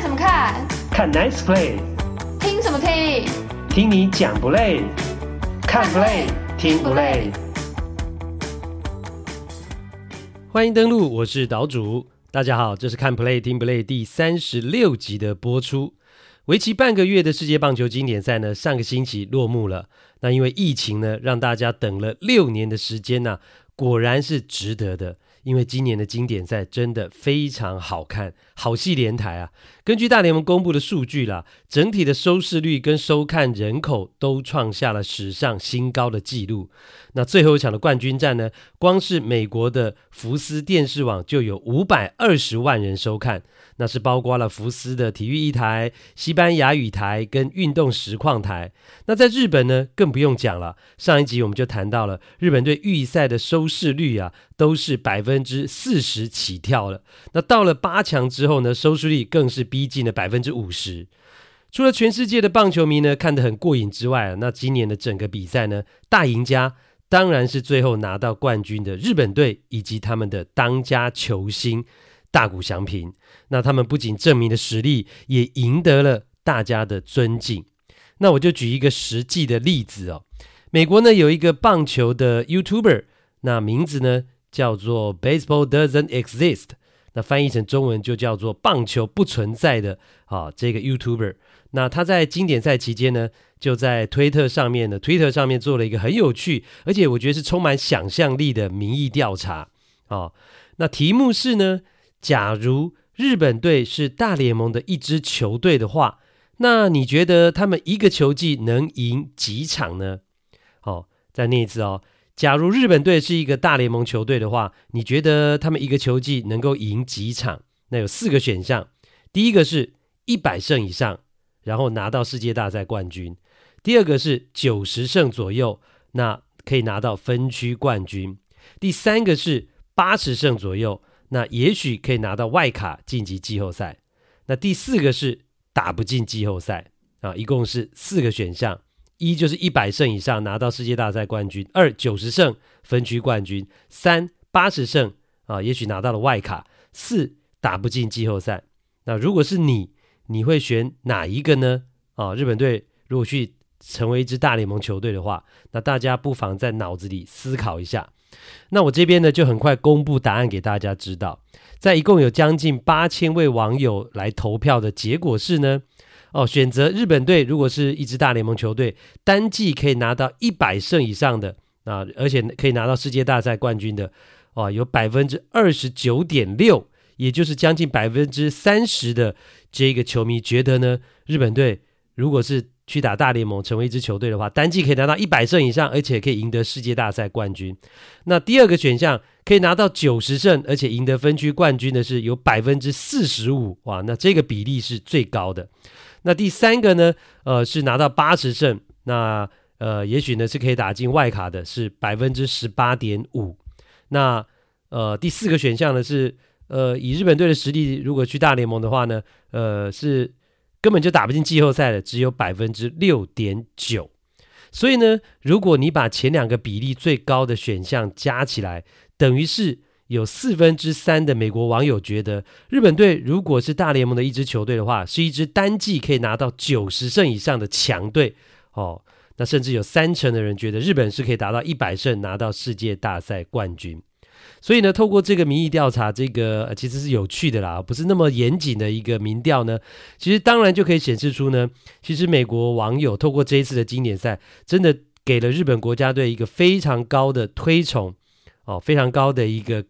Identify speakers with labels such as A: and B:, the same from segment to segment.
A: 看什麼看？看 Nice Play。聽什麼聽？聽你講不累？看 Play 聽不累？不累。歡迎登錄，我是島主。大家好，這是看 Play 聽不累第三十六集的播出。為期半個月的世界棒球經典賽呢，上個星期落幕了。那因為疫情呢，讓大家等了六年的時間呢，啊，果然是值得的。因為今年的經典賽真的非常好看，好戲連台啊！根據大聯盟公布的數據啦，整體的收視率跟收看人口都創下了史上新高的紀錄。那最後一場的冠軍戰呢，光是美國的福斯電視網就有五百二十萬人收看，那是包括了福斯的體育一台、西班牙語台跟運動實況台。那在日本呢，更不用講了，上一集我們就談到了日本隊預賽的收視率啊，都是百分之四十起跳了。那到了八強之後呢，收視率更是比逼近了百分之五十，除了全世界的棒球迷呢看得很過癮之外啊，那今年的整個比賽呢，大贏家當然是最後拿到冠軍的日本隊以及他們的當家球星大谷翔平。那他們不僅證明了實力，也贏得了大家的尊敬。那我就舉一個實際的例子哦，美國呢有一個棒球的 YouTuber，那名字呢叫做 Baseball Doesn't Exist。那翻譯成中文就叫做“棒球不存在的、哦”啊，這個 YouTuber。那他在經典賽期間呢，就在推特上面呢，推特上面做了一個很有趣，而且我覺得是充滿想象力的民意調查哦，那題目是呢，假如日本隊是大聯盟的一支球隊的話，那你覺得他們一個球季能贏幾場呢？哦，在那一次哦。假如日本隊是一個大聯盟球隊的話，你覺得他們一個球季能夠贏幾場？那有四個選項：第一個是一百勝以上，然後拿到世界大賽冠軍；第二個是九十勝左右，那可以拿到分區冠軍；第三個是八十勝左右，那也許可以拿到外卡晉級季後賽；那第四個是打不進季後賽。啊，一共是四個選項。一就是一百勝以上拿到世界大賽冠軍，二九十勝分區冠軍，三八十勝啊、哦，也許拿到了外卡，四打不進季後賽。那如果是你，你會選哪一個呢？啊、哦，日本隊如果去成為一支大聯盟球隊的話，那大家不妨在腦子裡思考一下。那我這邊呢，就很快公布答案給大家知道，在一共有將近八千位網友來投票的結果是呢，哦，選擇日本隊，如果是一支大聯盟球隊，單季可以拿到一百勝以上的啊，而且可以拿到世界大賽冠軍的，哦、啊，有百分之二十九點六，也就是將近百分之三十的這個球迷覺得呢，日本隊如果是去打大聯盟，成為一支球隊的話，單季可以拿到一百勝以上，而且可以贏得世界大賽冠軍。那第二個選項可以拿到九十勝，而且贏得分區冠軍的是有百分之四十五，哇、啊，那這個比例是最高的。那第三個呢，呃，是拿到八十勝，那呃，也許呢是可以打進外卡的是，是百分之十八點五。那呃，第四個選項呢是呃，以日本隊的實力，如果去大聯盟的話呢，呃，是根本就打不進季後賽的，只有百分之六點九。所以呢，如果你把前兩個比例最高的選項加起來，等於是，有四分之三的美國網友覺得，日本隊如果是大聯盟的一支球隊的話，是一支單季可以拿到九十勝以上的強隊哦。那甚至有三成的人覺得，日本是可以達到一百勝，拿到世界大賽冠軍。所以呢，透過這個民意調查，這個其實是有趣的啦，不是那麼嚴謹的一個民調呢，其實當然就可以顯示出呢，其實美國網友透過這一次的經典賽，真的給了日本國家隊一個非常高的推崇哦，非常高的一個。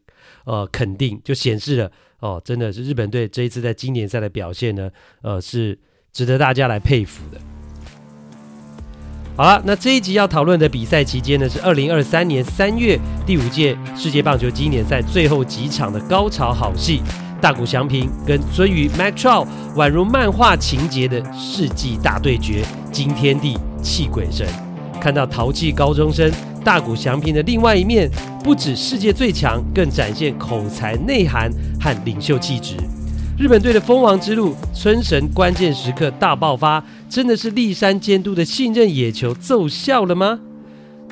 A: 呃，肯定就顯示了哦，真的是日本隊這一次在經典賽的表現呢，呃，是值得大家來佩服的。好了，那這一集要討論的比賽期間呢，是二零二三年三月第五屆世界棒球經典賽最後幾場的高潮好戲，大谷翔平跟鱒魚 Mac Trout 宛如漫畫情節的世紀大對決，驚天地，泣鬼神。看到淘氣高中生大谷翔平的另外一面，不止世界最強，更展現口才內涵和領袖氣質。日本隊的封王之路，村神關鍵時刻大爆發，真的是栗山監督的信任野球奏效了嗎？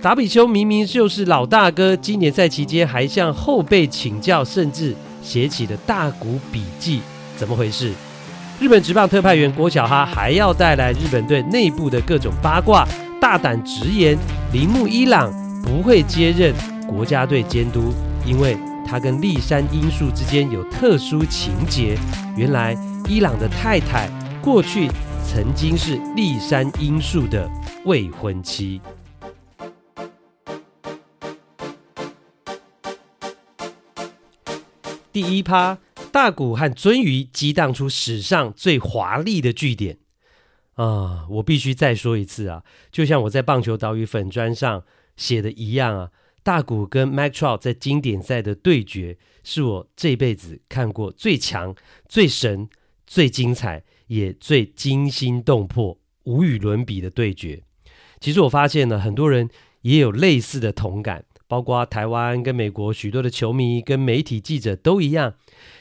A: 達比修明明就是老大哥，今年賽期間還向後輩請教，甚至寫起了大谷筆記，怎麼回事？日本職棒特派員郭小哈還要帶來日本隊內部的各種八卦。大膽直言，鈴木一朗不會接任國家隊監督，因為他跟栗山英樹之間有特殊情節。原來，一朗的太太過去曾經是栗山英樹的未婚妻。第一趴，大谷和鱒魚激盪出史上最華麗的句點。啊，我必須再說一次啊！就像我在棒球島嶼粉專上寫的一樣啊，大谷跟 Mike Trout 在經典賽的對決，是我這輩子看過最強、最神、最精彩，也最驚心動魄、無與倫比的對決。其實我發現呢，很多人也有類似的同感，包括台灣跟美國許多的球迷跟媒體記者都一樣。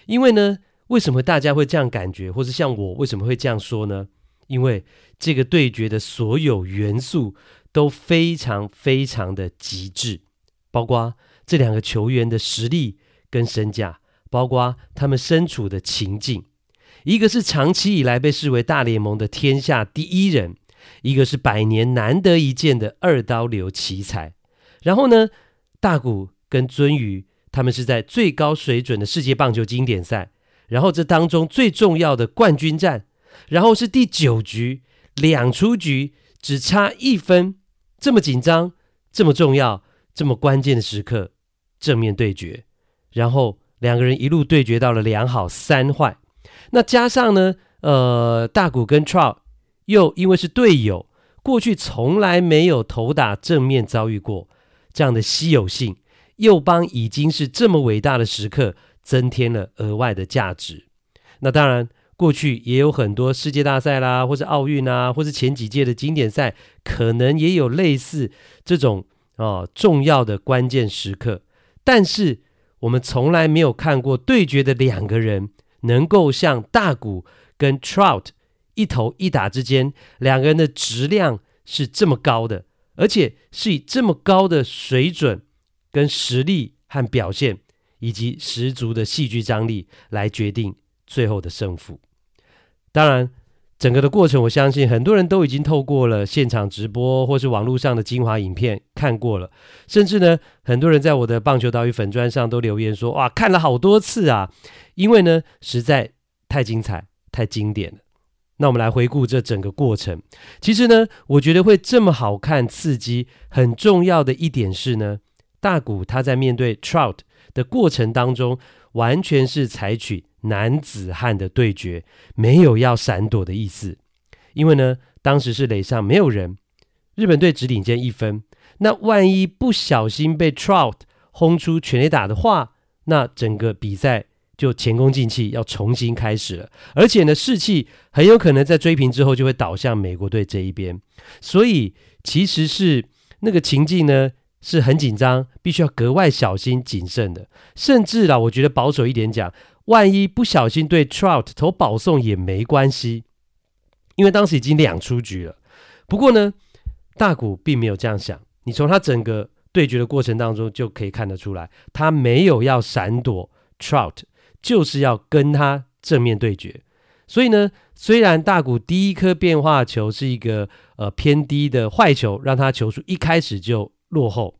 A: 因為呢，為什麼大家會這樣感覺，或是像我為什麼會這樣說呢？因為這個對決的所有元素都非常非常的極致，包括這兩個球員的實力跟身價，包括他們身處的情境。一個是長期以來被視為大聯盟的天下第一人，一個是百年難得一見的二刀流奇才。然後呢，大谷跟鱒魚他們是在最高水準的世界棒球經典賽，然後這當中最重要的冠軍戰。然後是第九局，兩出局，只差一分，這麼緊張，這麼重要，這麼關鍵的時刻，正面對決，然後兩個人一路對決到了兩好三壞，那加上呢，呃，大谷跟 Trout 又因為是隊友，過去從來沒有投打正面遭遇過，這樣的稀有性，又幫已經是這麼偉大的時刻，增添了額外的價值，那當然。過去也有很多世界大賽啦，或是奧運啊，或是前幾屆的經典賽，可能也有類似這種哦重要的關鍵時刻。但是我們從來沒有看過對決的兩個人能夠像大谷跟 Trout 一投一打之間，兩個人的質量是這麼高的，而且是以這麼高的水準、跟實力和表現，以及十足的戲劇張力來決定最後的勝負。當然，整個的過程，我相信很多人都已經透過了現場直播或是網絡上的精華影片看過了。甚至呢，很多人在我的棒球島嶼粉專上都留言說：“哇，看了好多次啊，因為呢實在太精彩、太經典了。”那我們來回顧這整個過程。其實呢，我覺得會這麼好看、刺激，很重要的一點是呢，大谷他在面對 Trout 的過程當中，完全是採取。男子漢的對決，沒有要閃躲的意思，因為呢，當時是壘上沒有人，日本隊只領先一分。那萬一不小心被 Trout 轟出全壘打的話，那整個比賽就前功盡棄，要重新開始了。而且呢，士氣很有可能在追平之後就會倒向美國隊這一邊。所以，其實是那個情境呢是很緊張，必須要格外小心謹慎的。甚至啦，我覺得保守一點講。萬一不小心對 Trout 投保送也沒關係，因為當時已經兩出局了。不過呢，大谷並沒有這樣想。你從他整個對決的過程當中就可以看得出來，他沒有要閃躲 Trout，就是要跟他正面對決。所以呢，雖然大谷第一顆變化球是一個呃偏低的壞球，讓他球數一開始就落後，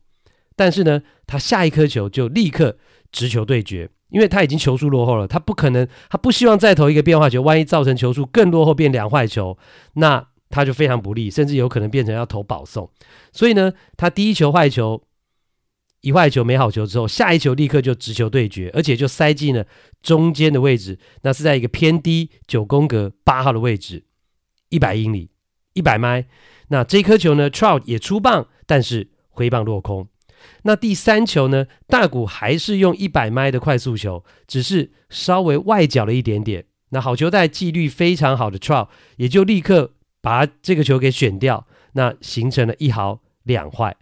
A: 但是呢，他下一顆球就立刻直球對決。因為他已經球數落後了，他不可能，他不希望再投一個變化球，萬一造成球數更落後變兩壞球，那他就非常不利，甚至有可能變成要投保送。所以呢，他第一球壞球一壞球沒好球之後，下一球立刻就直球對決，而且就塞進了中間的位置，那是在一個偏低九宮格八號的位置，一百英里一百邁。那這顆球呢，Trout 也出棒，但是揮棒落空。那第三球呢？大谷還是用一百邁的快速球，只是稍微外角了一點點。那好球帶紀律非常好的 Trout 也就立刻把這個球給選掉，那形成了一好兩壞。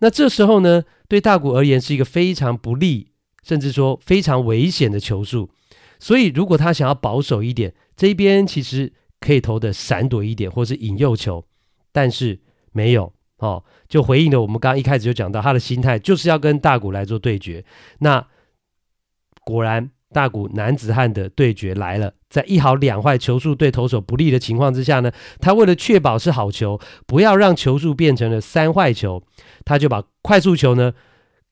A: 那這時候呢，對大谷而言是一個非常不利，甚至說非常危險的球數。所以如果他想要保守一點，這邊其實可以投的閃躲一點，或是引誘球，但是沒有。哦，就回應了我們剛剛一開始就講到他的心態，就是要跟大谷來做對決。那果然大谷男子漢的對決來了，在一好兩壞球數對投手不利的情況之下呢，他為了確保是好球，不要讓球數變成了三壞球，他就把快速球呢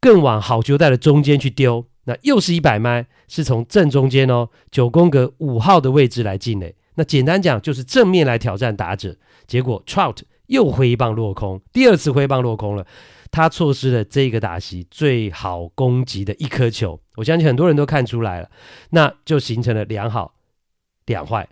A: 更往好球帶的中間去丟。那又是一百邁，是從正中間哦，九宮格五號的位置來進的。那簡單講就是正面來挑戰打者，結果 Trout。又揮棒落空，第二次揮棒落空了，他錯失了這個打席最好攻擊的一顆球。我相信很多人都看出來了，那就形成了兩好兩壞。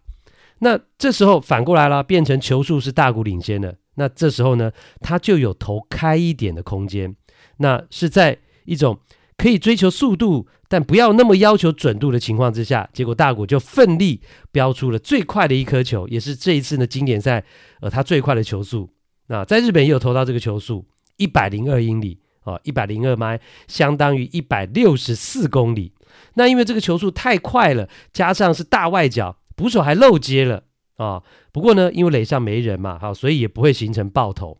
A: 那這時候反過來了，變成球數是大谷領先的，那這時候呢，他就有投開一點的空間，那是在一種。可以追求速度，但不要那麼要求準度的情況之下，結果大谷就奮力飆出了最快的一顆球，也是這一次呢，經典賽，呃，他最快的球速。那在日本也有投到這個球速，一百零二英里啊，一百零二邁，ph, 相當於一百六十四公里。那因為這個球速太快了，加上是大外角，捕手還漏接了啊、哦。不過呢，因為壘上沒人嘛，哈、哦，所以也不會形成暴投。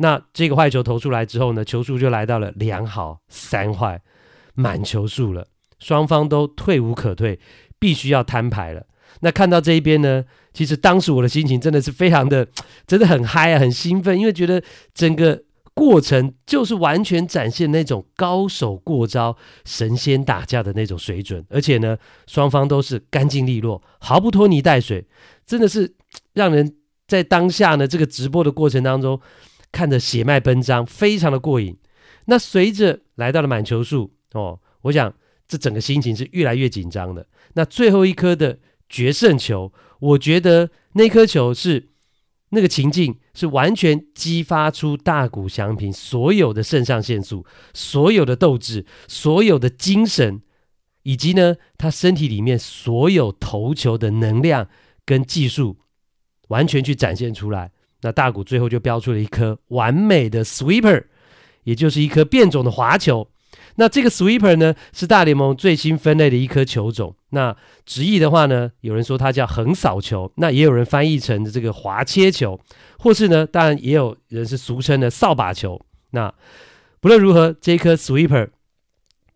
A: 那這個壞球投出來之後呢，球數就來到了兩好三壞，滿球數了。雙方都退無可退，必須要攤牌了。那看到這一邊呢，其實當時我的心情真的是非常的，真的很嗨，啊，很興奮，因為覺得整個過程就是完全展現那種高手過招、神仙打架的那種水準，而且呢，雙方都是乾淨利落，毫不拖泥帶水，真的是讓人在當下呢，這個直播的過程當中。看着血脈賁張，非常的過癮。那隨着來到了滿球數，哦，我想這整個心情是越來越緊張的。那最後一顆的決勝球，我覺得那顆球是那個情境是完全激發出大谷翔平所有的腎上腺素、所有的鬥志、所有的精神，以及呢，他身體裡面所有投球的能量跟技術，完全去展現出來。那大谷最後就飆出了一顆完美的 sweeper，也就是一顆變種的滑球。那這個 sweeper 呢，是大聯盟最新分類的一顆球種。那直譯的話呢，有人說它叫橫掃球，那也有人翻譯成這個滑切球，或是呢，當然也有人是俗稱的掃把球。那不論如何，這顆 sweeper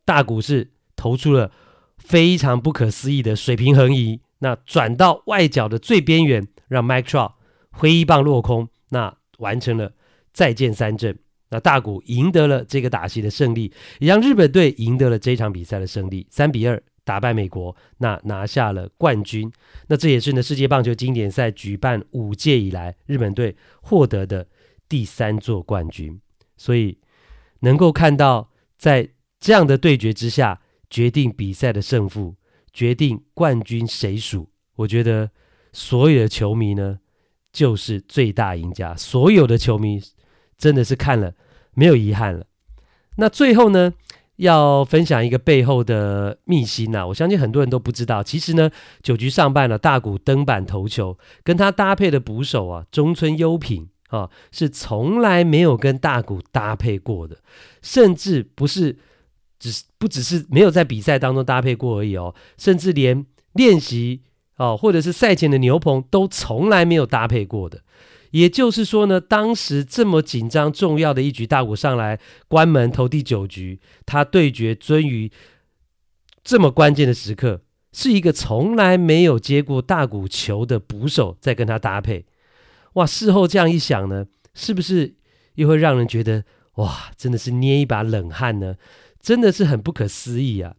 A: 大谷是投出了非常不可思議的水平橫移，那轉到外角的最邊緣，讓 Mike Trout，揮一棒落空，那完成了再見三振，那大谷贏得了這個打席的勝利，也讓日本隊贏得了這場比賽的勝利，三比二打敗美國，那拿下了冠軍。那這也是呢，世界棒球經典賽舉辦五屆以來，日本隊獲得的第三座冠軍。所以能夠看到在這樣的對決之下，決定比賽的勝負，決定冠軍誰屬，我覺得所有的球迷呢。就是最大贏家，所有的球迷真的是看了沒有遺憾了。那最後呢，要分享一個背後的秘辛吶、啊，我相信很多人都不知道。其實呢，九局上半了，大谷登板投球，跟他搭配的捕手啊，中村悠平啊，是從來沒有跟大谷搭配過的，甚至不是只不只是沒有在比賽當中搭配過而已哦，甚至連練習。哦，或者是賽前的牛棚都從來沒有搭配過的，也就是說呢，當時這麼緊張重要的一局大谷上來關門投第九局，他對決鱒魚這麼關鍵的時刻，是一個從來沒有接過大谷球的捕手在跟他搭配，哇，事後這樣一想呢，是不是又會讓人覺得哇，真的是捏一把冷汗呢？真的是很不可思議啊！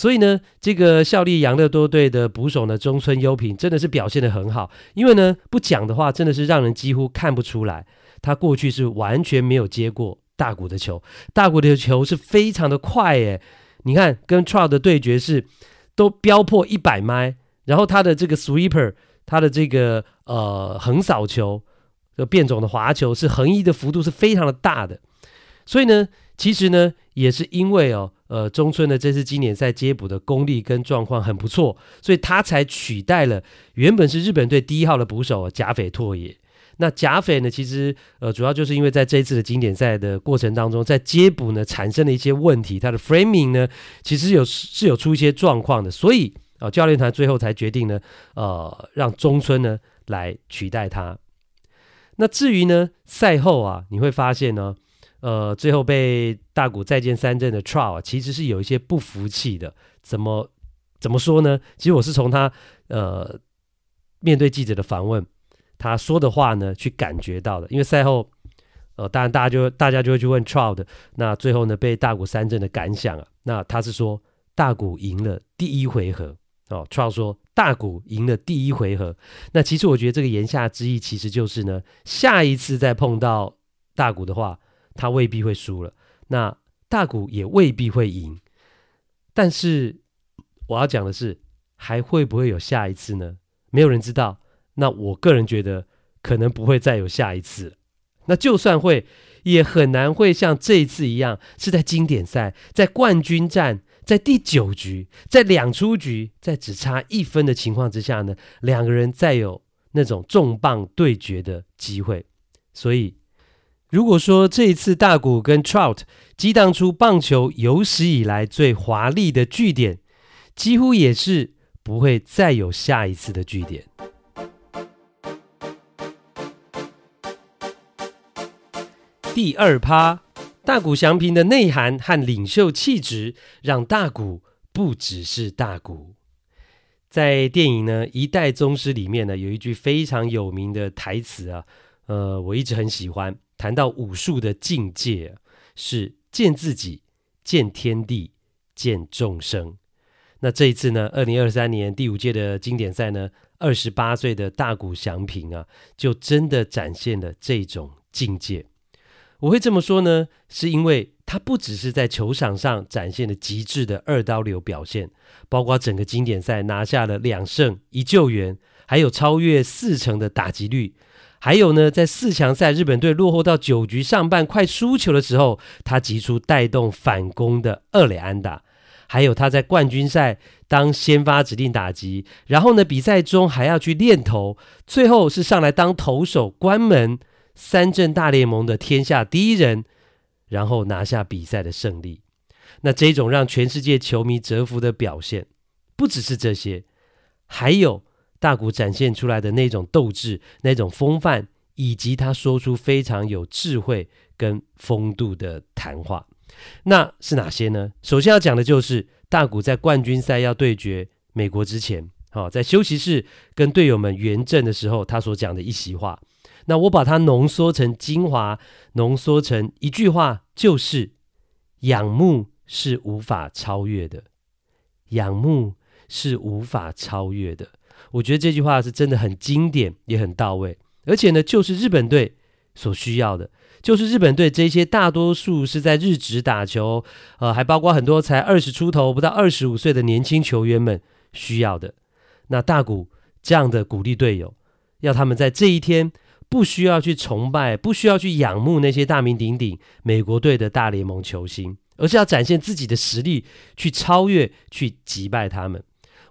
A: 所以呢，這個效力養樂多隊的捕手呢，中村悠平真的是表現得很好，因為呢，不講的話，真的是讓人幾乎看不出來，他過去是完全沒有接過大谷的球。大谷的球是非常的快誒，你看跟 Trout 的對決是都飆破一百邁，然後他的這個 sweeper，他的這個呃橫掃球和變種的滑球是橫移的幅度是非常的大的，所以呢，其實呢也是因為哦。呃，中村呢，這次經典賽接捕的功力跟狀況很不錯，所以他才取代了原本是日本隊第一號的捕手甲斐拓也。那甲斐呢，其實呃，主要就是因為在這一次的經典賽的過程當中，在接捕呢產生了一些問題，他的 framing 呢，其實有是有出一些狀況的，所以啊、呃，教練團最後才決定呢，呃，讓中村呢來取代他。那至於呢，賽後啊，你會發現呢。呃，最後被大谷再見三振的 Trout 啊，其實是有一些不服氣的，怎麼怎麼說呢？其實我是從他呃面對記者的訪問，他說的話呢，去感覺到的。因為賽後，呃，當然大家就大家就會去問 Trout 的，那最後呢被大谷三振的感想啊，那他是說大谷贏了第一回合哦，Trout 說大谷贏了第一回合。那其實我覺得這個言下之意，其實就是呢，下一次再碰到大谷的話。他未必會輸了，那大谷也未必會贏。但是我要講的是，還會不會有下一次呢？沒有人知道。那我個人覺得，可能不會再有下一次。那就算會，也很難會像這一次一樣，是在經典賽、在冠軍戰、在第九局、在兩出局、在只差一分的情況之下呢，兩個人再有那種重磅對決的機會。所以。如果說這一次大谷跟 Trout 激盪出棒球有史以來最華麗的句點，幾乎也是不會再有下一次的句點。第二趴，大谷翔平的內涵和領袖氣質，讓大谷不只是大谷。在電影呢《一代宗師》裡面呢，有一句非常有名的台詞啊，呃，我一直很喜歡。談到武術的境界，是見自己、見天地、見眾生。那這一次呢？二零二三年第五屆的經典賽呢？二十八歲的大谷翔平啊，就真的展現了這種境界。我會這麼說呢，是因為他不只是在球場上展現了極致的二刀流表現，包括整個經典賽拿下了兩勝一救援，還有超越四成的打擊率。還有呢，在四強賽日本隊落後到九局上半快輸球的時候，他擊出帶動反攻的二壘安打。還有他在冠軍賽當先發指定打擊，然後呢，比賽中還要去練投，最後是上來當投手關門，三振大聯盟的天下第一人，然後拿下比賽的勝利。那這種讓全世界球迷折服的表現，不只是這些，還有。大谷展現出來的那種鬥志、那種風範，以及他說出非常有智慧跟風度的談話，那是哪些呢？首先要講的就是大谷在冠軍賽要對決美國之前，好，在休息室跟隊友們圓陣的時候，他所講的一席話。那我把它濃縮成精華，濃縮成一句話，就是：仰慕是無法超越的，仰慕是無法超越的。我覺得這句話是真的很經典，也很到位，而且呢，就是日本隊所需要的，就是日本隊這些大多數是在日職打球，呃，還包括很多才二十出頭、不到二十五歲的年輕球員們需要的。那大谷這樣的鼓勵隊友，要他們在這一天不需要去崇拜，不需要去仰慕那些大名鼎鼎美國隊的大聯盟球星，而是要展現自己的實力，去超越，去擊敗他們。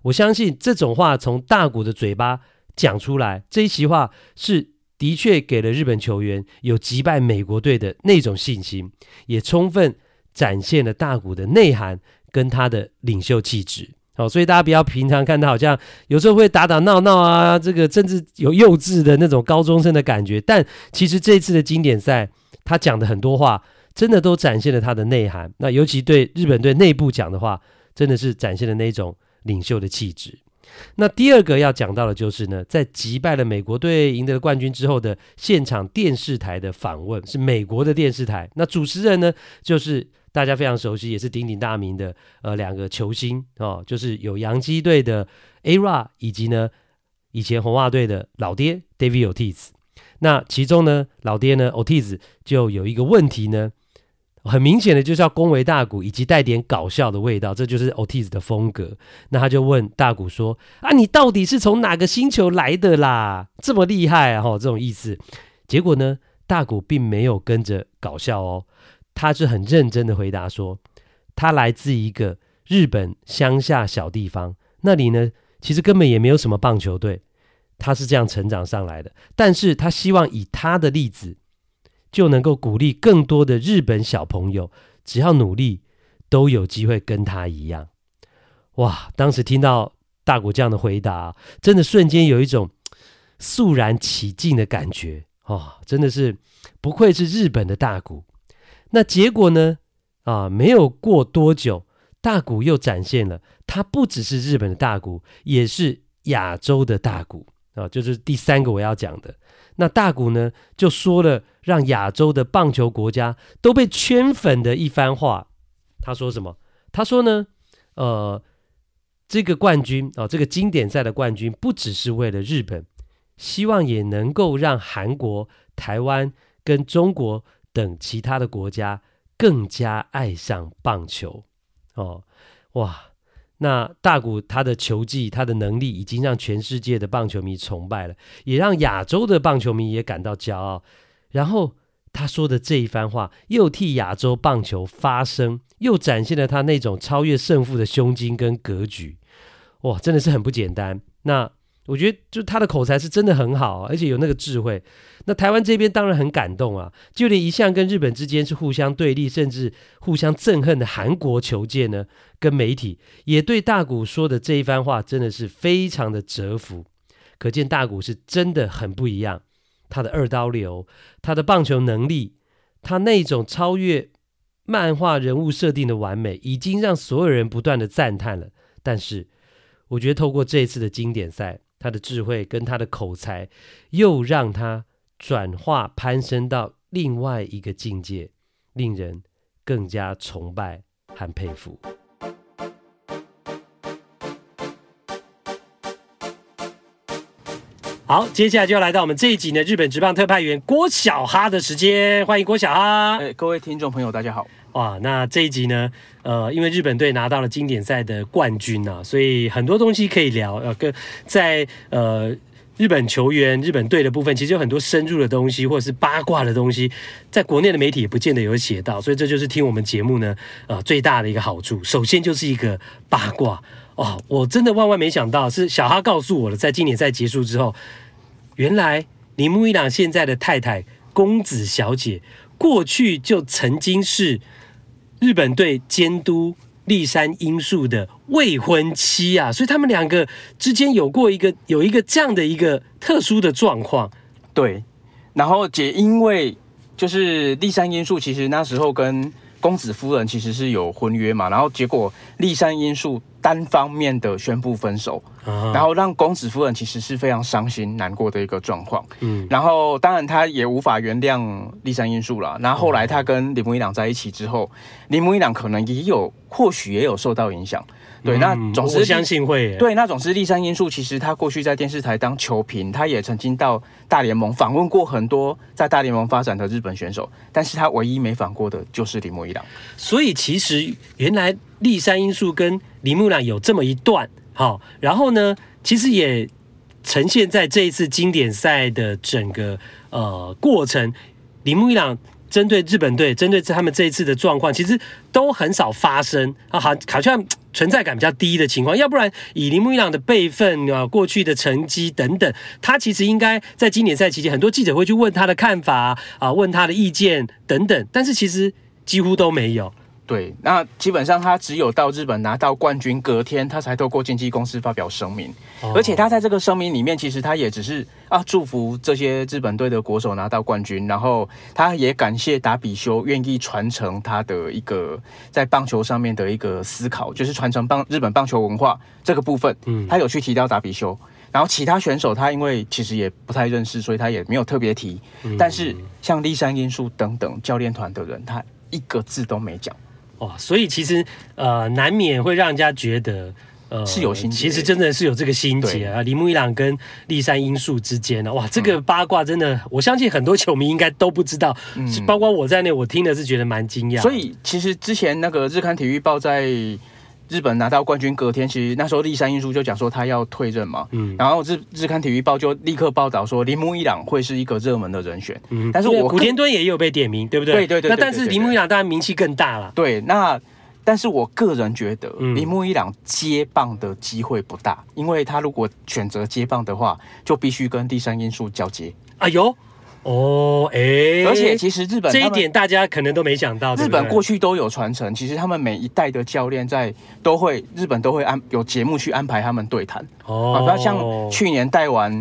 A: 我相信這種話從大谷的嘴巴講出來，這一席話是的確給了日本球員有擊敗美國隊的那種信心，也充分展現了大谷的內涵跟他的領袖氣質。哦，所以大家不要平常看他好像有時候會打打鬧鬧啊，這個甚至有幼稚的那種高中生的感覺，但其實這次的經典賽，他講的很多話真的都展現了他的內涵。那尤其對日本隊內部講的話，真的是展現了那種，領袖的氣質。那第二個要講到的，就是呢，在擊敗了美國隊贏得冠軍之後的現場電視台的訪問，是美國的電視台。那主持人呢，就是大家非常熟悉，也是鼎鼎大名的呃兩個球星哦，就是有洋基隊的 Ara，以及呢以前紅襪隊的老爹 David Ortiz。那其中呢，老爹呢 Ortiz 就有一個問題呢。很明顯的就是要恭維大谷以及帶點搞笑的味道，這就是奧蒂斯的風格。那他就問大谷說：“啊，你到底是從哪個星球來的啦？這麼厲害吼、啊哦、這種意思。”結果呢，大谷並沒有跟着搞笑哦，他是很認真的回答說：“他來自一個日本鄉下小地方，那裡呢其實根本也沒有什麼棒球隊，他是這樣成長上來的。但是他希望以他的例子。”就能夠鼓勵更多的日本小朋友，只要努力，都有機會跟他一樣。哇！當時聽到大谷這樣的回答，真的瞬間有一種肅然起敬的感覺哦，真的是不愧是日本的大谷。那結果呢，啊，沒有過多久，大谷又展現了他不只是日本的大谷，也是亞洲的大谷啊！就是第三個我要講的。那大谷呢，就說了讓亞洲的棒球國家都被圈粉的一番話。他說什麼？他說呢，呃，這個冠軍哦，這個經典賽的冠軍不只是為了日本，希望也能夠讓韓國、台灣跟中國等其他的國家更加愛上棒球。哦，哇！那大谷他的球技、他的能力已經讓全世界的棒球迷崇拜了，也讓亞洲的棒球迷也感到驕傲。然後他說的這一番話，又替亞洲棒球發聲，又展現了他那種超越勝負的胸襟跟格局。哇，真的是很不簡單。那。我覺得就他的口才是真的很好啊，而且有那個智慧。那台灣這邊當然很感動啊，就連一向跟日本之間是互相對立，甚至互相憎恨的韓國球界呢，跟媒體也對大谷說的這一番話真的是非常的折服。可見大谷是真的很不一樣，他的二刀流，他的棒球能力，他那種超越漫畫人物設定的完美，已經讓所有人不斷的讚嘆了。但是，我覺得透過這一次的經典賽。他的智慧跟他的口才，又讓他轉化攀升到另外一個境界，令人更加崇拜和佩服。好，接下來就要來到我們這一集呢，日本職棒特派員郭小哈的時間，歡迎郭小哈。欸，各位聽眾朋友，大家好。哇，那這一集呢，呃，因為日本隊拿到了經典賽的冠軍吶，啊，所以很多東西可以聊。呃，跟在呃日本球員、日本隊的部分，其實有很多深入的東西，或者是八卦的東西，在國內的媒體也不見得有寫到，所以這就是聽我們節目呢，呃，最大的一個好處。首先就是一個八卦哦，我真的萬萬沒想到，是小哈告訴我了，在經典賽結束之後，原來鈴木一朗現在的太太公子小姐，過去就曾經是日本隊監督栗山英樹的未婚妻啊，所以他們兩個之間有過一個有一個這樣的
B: 一個特殊的狀況。對，然後也因為就是栗山英樹，其實那時候跟。公子夫人其實是有婚約嘛，然後結果栗山英樹單方面的宣布分手，uh huh. 然後讓公子夫人其實是非常傷心難過的一個狀況。嗯、uh，huh. 然後當然他也無法原諒栗山英樹了。然後後來他跟鈴木一朗在一起之後，鈴木一朗可能也有，或許也有受到影響。嗯、對，那總是，是相信會。對，那總是栗山英樹。其實他過去在電視台當球評，他也曾經到大聯盟訪問過很多在大聯盟發展的日本選手，但是他唯一沒訪過的就是鈴木一朗。所以其實原來栗山英樹
A: 跟鈴木一朗有這麼一段，好、哦，然後呢，其實也呈現在這一次經典賽的整個呃過程，鈴木一朗。針對日本隊，針對他們這一次的狀況，其實都很少發生啊。好，好像存在感比較低的情況，要不然以鈴木一朗的輩分啊，過去的成績等等，他其實應該在今年賽期間，很多記者會去問他的看法啊，問他的意見
B: 等等，但是其實幾乎都沒有。對，那基本上他只有到日本拿到冠軍，隔天他才透過經紀公司發表聲明。哦、而且他在這個聲明裡面，其實他也只是啊祝福這些日本隊的國手拿到冠軍，然後他也感謝達比修願意傳承他的一個在棒球上面的一個思考，就是傳承棒日本棒球文化這個部分。嗯、他有去提到達比修，然後其他選手他因為其實也不太認識，所以他也沒有特別提。嗯、但是像栗山英樹等等教練團的人，他一個字都沒講。哇、哦，所以其實，呃，難免
A: 會讓人家覺得，呃，是有心結。其實真的是有這個心結對啊，鈴木一朗跟栗山英樹之間。哇，這個八卦真的，嗯、我相信很多球迷應該都不知道，嗯、包括
B: 我在內，我聽的是覺得蠻驚訝。所以其實之前那個日刊體育報在。日本拿到冠軍，隔天其實那時候栗山英樹就講說他要退任嘛，嗯、然後日日刊體育報就立刻報道說鈴木一朗會是一個熱門的人選，嗯、哼但是我古田敦也有被點名，對不對？對對對。那但是鈴木一朗當然名氣更大了，對，那但是我個人覺得鈴木一朗接棒的機會不大，嗯、因為他如果選擇接棒的話，就必須跟栗山英樹交接。哎呦！哦，哎，而且其實日本這一點大家可能都沒想到，日本過去都有傳承。其實他們每一代的教練在都會，日本都會安有節目去安排他們對談。哦，啊，像去年帶完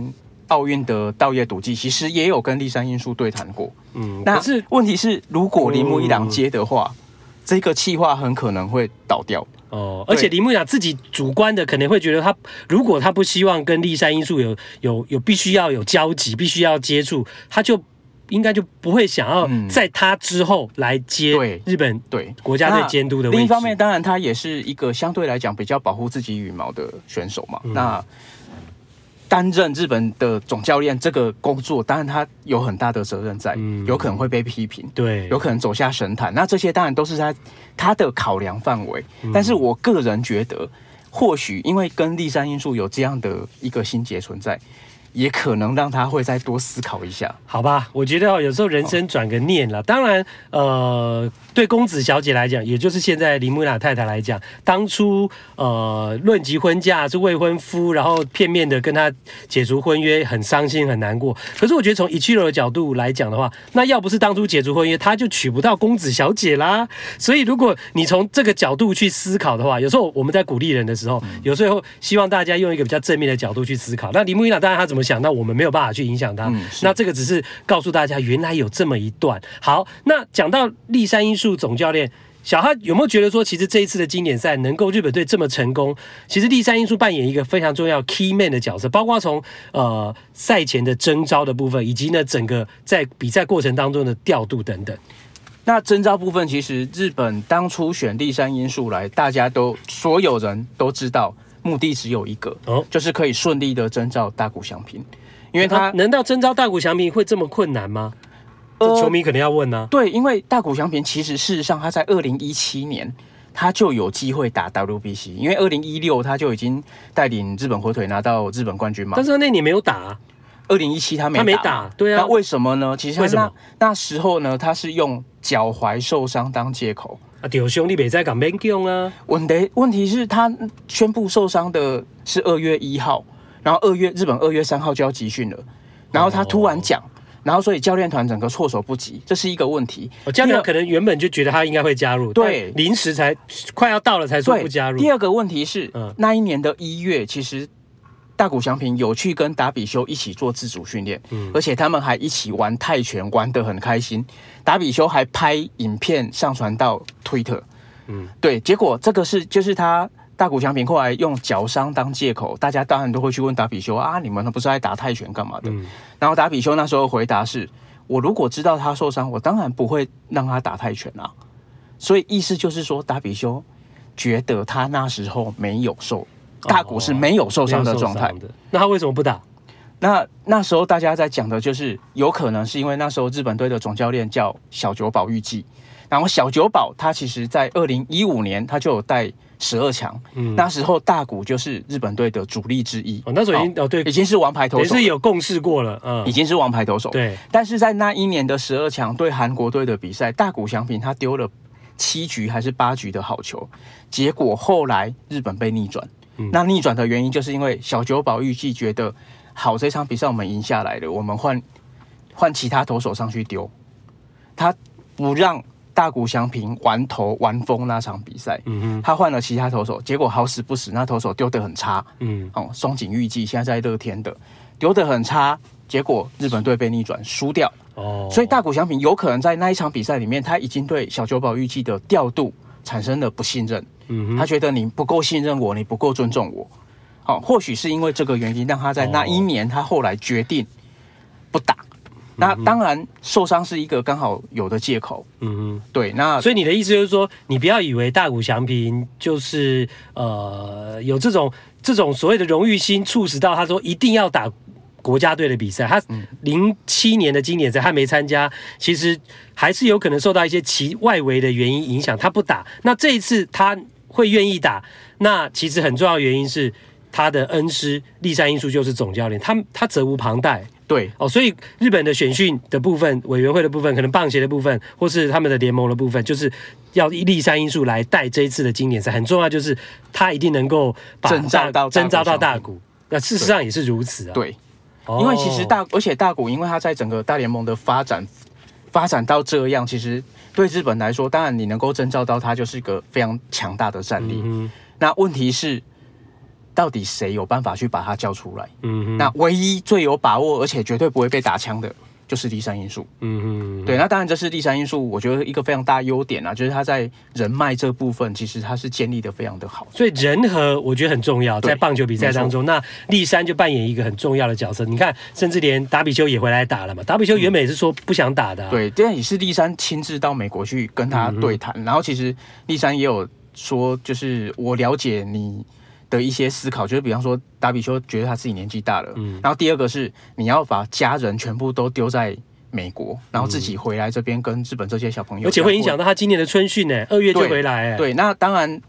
B: 奧運的稻葉篤紀，其實也有跟栗山英樹對談過。嗯，那可是問題是，如果鈴木一朗接的話。嗯這個企劃，很可能會倒掉哦，而且鈴木雅自己主觀的可能會覺得，他如果他不希望跟栗山英樹有有
A: 有必須要有交集，必須要接觸，他就應該就不會想要在他
B: 之後來接日本對國家隊的監督的位置，嗯，另一方面，當然他也是一個相對來講比較保護自己羽毛的選手嘛。嗯、那。擔任日本的總教練這個工作，當然他有很大的責任在，嗯、有可能會被批評，對，有可能走下神壇。那這些當然都是他他的考量範圍，但是我個人覺得，或許因為跟栗山英樹有這樣的一個心結存在。也可能讓他會再多思考一下。好吧？我覺得有時候人生轉個念了。當
A: 然，呃，對公子小姐來講，也就是現在林木雅太太來講，當初呃，論及婚嫁是未婚夫，然後片面的跟他解除婚約，很傷心很難過。可是我覺得從一朗的角度來講的話，那要不是當初解除婚約，他就娶不到公子小姐啦。所以如果你從這個角度去思考的話，有時候我們在鼓勵人的時候，嗯、有時候希望大家用一個比較正面的角度去思考。那林木雅當然她怎麼？想到我們沒有辦法去影響他，嗯、那這個只是告訴大家，原來有這麼一段。好，那講到栗山英樹，總教練，小哈有沒有覺得說，其實這一次的經典賽能夠日本隊這麼成功，其實栗山英樹扮演一個非常重要 key man 的角色，包括從呃賽前的徵召的部分，以及呢整個在比賽過程當中的調度等等。
B: 那徵召部分，其實日本當初選栗山英樹來，大家都，所有人都知道。目的只有一個，哦、就是可以順利的徵召大谷翔平。因為他難道徵召大谷翔平會這麼困難嗎？
A: 呃，這球迷
B: 肯定要問呢、啊。對，因為大谷翔平其實事實上他在二零一七年他就有機會打 WBC，因為二零一六他就已經帶領日本火腿拿到日本冠軍嘛。但是那年沒有打，二零一七他沒打他沒打，對啊。那為什麼呢？其實他為什麼？那時候呢，他是用腳踝受傷當借口。屌兄弟別再講勉強啊！問題問題是，他宣布受傷的是二月一號，然後二月日本二月三號就要集訓了，然後他突然講，哦哦然後所以教練團整個措手不及，這是一個問題。哦、教練可能原本就覺得他應該會加入，第二對，臨時才快要到了才說不加入。第二個問題是，嗯、那一年的一月其實。大谷翔平有去跟達比修一起做自主訓練，嗯，而且他們還一起玩泰拳，玩得很開心。達比修還拍影片上傳到推特，嗯，對。結果這個是，就是他大谷翔平後來用腳傷當借口，大家當然都會去問達比修啊，你們不是在打泰拳幹嘛的？嗯，然後達比修那時候回答是：我如果知道他受傷，我當然不會讓他打泰拳啊。所以意思就是說，達比修覺得他那時候沒有受。大谷是沒有受的、哦、沒有受傷的狀態，那他為什麼不打？那那時候大家在講的就是，有可能是因為那時候日本隊的總教練叫小久保裕紀，然後小久保他其實，在二零一五年他就有帶十二強，嗯、那時候大谷就是日本隊的主力之一。哦，那時候已經哦對，已經是王牌投手，也是有共事過了，嗯，已經是王牌投手。對，但是在那一年的十二強對韓國隊的比賽，大谷翔平他丟了七局還是八局的好球，結果後來日本被逆轉。那逆轉的原因就是因為小久保裕紀覺得好，這場比賽我們贏下來了，我們換換其他投手上去丟，他不讓大谷翔平完投完封那場比賽，他換了其他投手，結果好死不死那投手丟得很差，哦，松井裕樹現在在樂天的丟得很差，結果日本隊被逆轉輸掉，所以大谷翔平有可能在那一場比賽裡面，他已經對小久保裕紀的調度產生了不信任。嗯，他覺得你不夠信任我，你不夠尊重我，好、哦，或許是因為這個原因，讓他在那一年，哦、他後來決定不打。嗯、哼那當然，受傷是一個剛好有的借口。嗯嗯哼，對。那
A: 所以你的意思就是說，你不要以為大谷翔平就是呃有這種這種所謂的榮譽心，促使到他說一定要打國家隊的比賽。他零七年的經典賽他沒參加，其實還是有可能受到一些其外圍的原因影響，他不打。那這一次他，會願意打？那其實很重要，原因是他的恩師栗山英樹，就是總教練，他他責無旁貸。對哦，所以日本的選訓的部分、委員會的部分、可能棒協的部分，或是他們的聯盟的部分，就是要栗山英樹來帶這一次的經典賽。很重要，就是
B: 他一定能夠徵召到徵召到大谷。那對事實上也是如此啊。對，因為其實大，哦、而且大谷，因為他在整個大聯盟的發展發展到這樣，其實。對日本來說，當然你能夠徵召到他，就是個非常強大的戰力。嗯、哼那問題是，到底誰有辦法去把他叫出來？嗯、哼那唯一最有把握，而且絕對不會被打槍的。就是第三栗山因素，嗯哼嗯哼，對，那當然這是栗山因素。我覺得一個非常大優點啊，就是他在人脈這部分，其實他是建立的非常的好的。所
A: 以人和我覺得很重要，對在棒球比賽當中，錯那栗山就扮演一個很重要的角色。你看，
B: 甚至連達比修也回來打了嘛，達比修原本也是說不想打的、啊嗯，對，但也是栗山親自到美國去跟他對談，嗯、哼然後其實栗山也有說，就是我了解你。的一些思考，就是比方說達比修覺得他自己年紀大了，嗯，然後第二個是你要把家人全部都丟在美國，嗯、然後自己回來這邊跟日本這些小朋友，而且會影響到他今年的春訓呢、欸，二月就回來、欸對，對，那當然，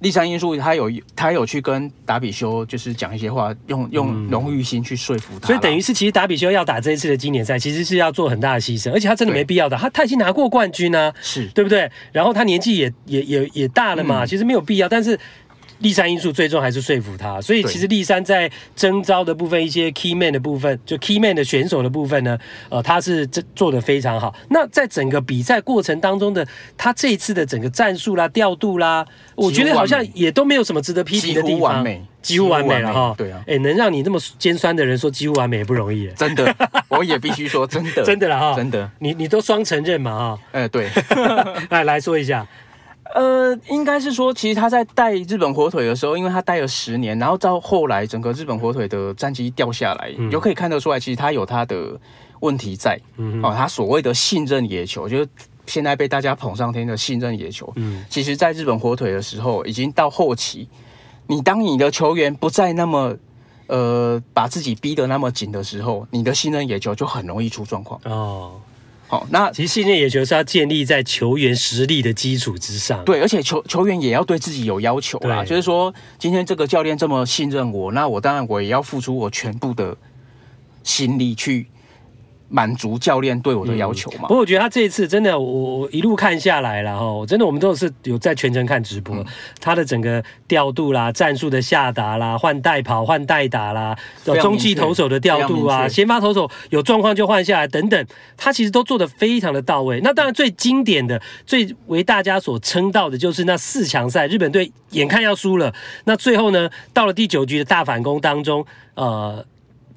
B: 栗山英樹，他有他有去跟達比修就是講一些話，用用榮譽心去說服他、嗯，所以等於是其實達比修要打這一次的經典賽，其實是要做很大的犧牲，而且他真的沒必要的，對他他已經拿
A: 過冠軍呢、啊，是對不對？然後他年紀也也也也大了嘛，嗯、其實沒有必要，但是。栗山因素最終還是說服他，所以其實栗山在徵召的部分、一些 key man 的部分，就 key man 的選手的部分呢，呃，他是做做的非常好。那在整個比賽過程當中的，他這一次的整個戰術啦、調度啦，我覺得好像也都沒有什麼值得批評的地方。幾乎完美，幾乎完美了哈。對啊，哎、欸，能讓你那麼尖酸的人說幾乎完美也不容易，真的，
B: 我也必須說真的， 真的了哈，真
A: 的，你你都雙承認嘛哈。哎、
B: 呃，對， 來來說一下。呃，應該是說，其實他在帶日本火腿的時候，因為他帶了十年，然後到後來整個日本火腿的戰績掉下來，嗯、就可以看得出來，其實他有他的問題在。嗯、哼，哦，他所謂的信任野球，就是現在被大家捧上天的信任野球。嗯，其實在日本火腿的時候，已經到後期，你當你的球員不再那麼呃把自己逼得那麼緊的時候，你的信任野球就很容易出狀況。哦。哦、那其實信任也就是要建立在球員實力的基礎之上。對，而且球球員也要對自己有要求啦。對就是說，今天這個教練這麼信任我，那我當然我也要付出我全部的心力去。滿足教練對我的要求嘛、嗯？不
A: 過我覺得他這一次真的，我我一路看下來了哈，真的我們都是有在全程看直播，嗯、他的整個調度啦、戰術的下達啦、換代跑、換代打啦、中繼投手的調度啊、先發投手有狀況就換下來等等，他其實都做得非常的到位。那當然最經典的、最為大家所稱道的，就是那四強賽日本隊眼看要輸了，那最後呢，到了第九局的大反攻當中，呃。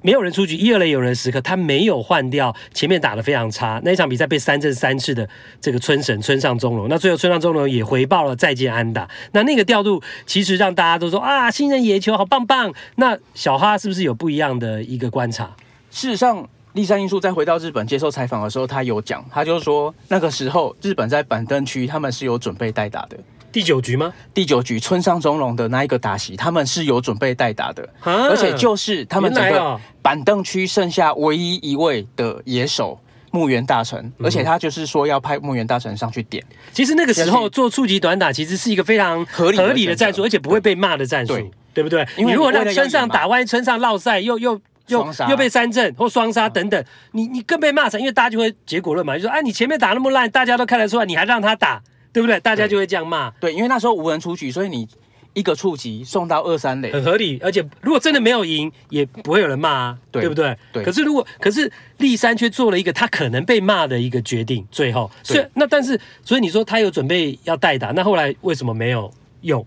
A: 沒有人出局，一二壘有人時刻，他沒有換掉，前面打得非常差，那一場比賽被三振三次的這個村神村上宗隆，那最後村上宗隆也回報了再見安打，那那個調度其實讓大家都說啊，信任野球好棒棒，那小哈是不是有不一樣的一個觀察？
B: 事實上，栗山英樹在回到日本接受採訪的時候，他有講，他就說那個時候日本在板凳區他們是有準備代打的。第九局嗎？第九局村上宗隆的那一個打席，他們是有準備代打的，啊、而且就是他們整個板凳區剩下唯一一位的野手牧原大成。嗯、而且他就是說要派牧原大成上去點。
A: 其實那個時候做觸擊短打其實是一個非常合理合理的戰術，而且不會被罵的戰術，嗯、對，對不對？你如果讓村上打完，萬一、嗯、村上落賽又又又殺又被三振或雙殺等等，嗯、你你更被罵，因為大家就會結果論嘛，就說哎、啊、你前面打那麼爛，大
B: 家都看得出來，你還讓他打。對不對？大家就會這樣罵。對，因為那時候無人出局，所以你一個觸擊送到二三壘，很
A: 合理。而且如果真的沒有贏，也不會有人罵啊，對,對不對？對。可是如果，可是栗山卻做了一個他可能被罵的一個決定。最後，對所以那但是，所以你說他有準備要代打，那後來為什麼沒有用？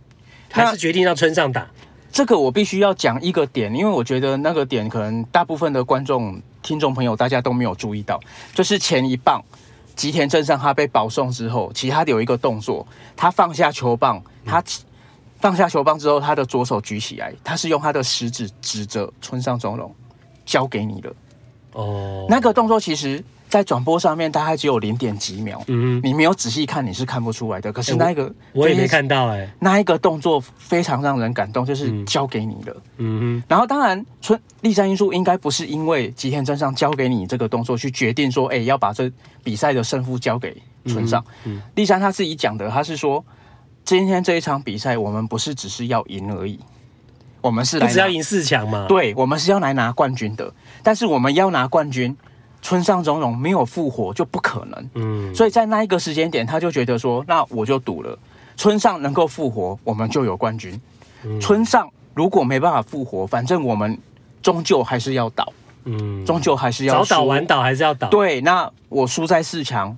A: 他是
B: 決定讓村上打。這個我必須要講一個點，因為我覺得那個點可能大部分的觀眾、聽眾朋友大家都沒有注意到，就是前一棒。吉田正尚他被保送之後，其他的有一個動作，他放下球棒，他放下球棒之後，他的左手舉起來，他是用他的食指指着村上宗隆，交給你了。哦，oh. 那個動作其實。在轉播上面大概只有零點幾秒，嗯嗯，你沒有仔細看，你是看不出來的。可是那個、欸、我，我也沒看到哎，那一個動作非常讓人感動，就是交給你了，嗯，嗯嗯。然後當然，栗山英樹應該不是因為吉田正尚交給你這個動作去決定說，哎、欸，要把這比賽的勝負交給村上。嗯，嗯，嗯，栗山他自己講的，他是說，今天這一場比賽，我們不是只是要贏而已，我們是來不只要贏四強嘛？對，我們是要來拿冠軍的。但是我們要拿冠軍，村上宗隆沒有復活就不可能，嗯，所以在那一個時間點，他就覺得說，那我就賭了，村上能夠復活，我們就有冠軍；村上如果沒辦法復活，反正我們終究還是要倒，
A: 嗯，終究還是要早倒晚倒還是要倒，對，
B: 那我輸在四強。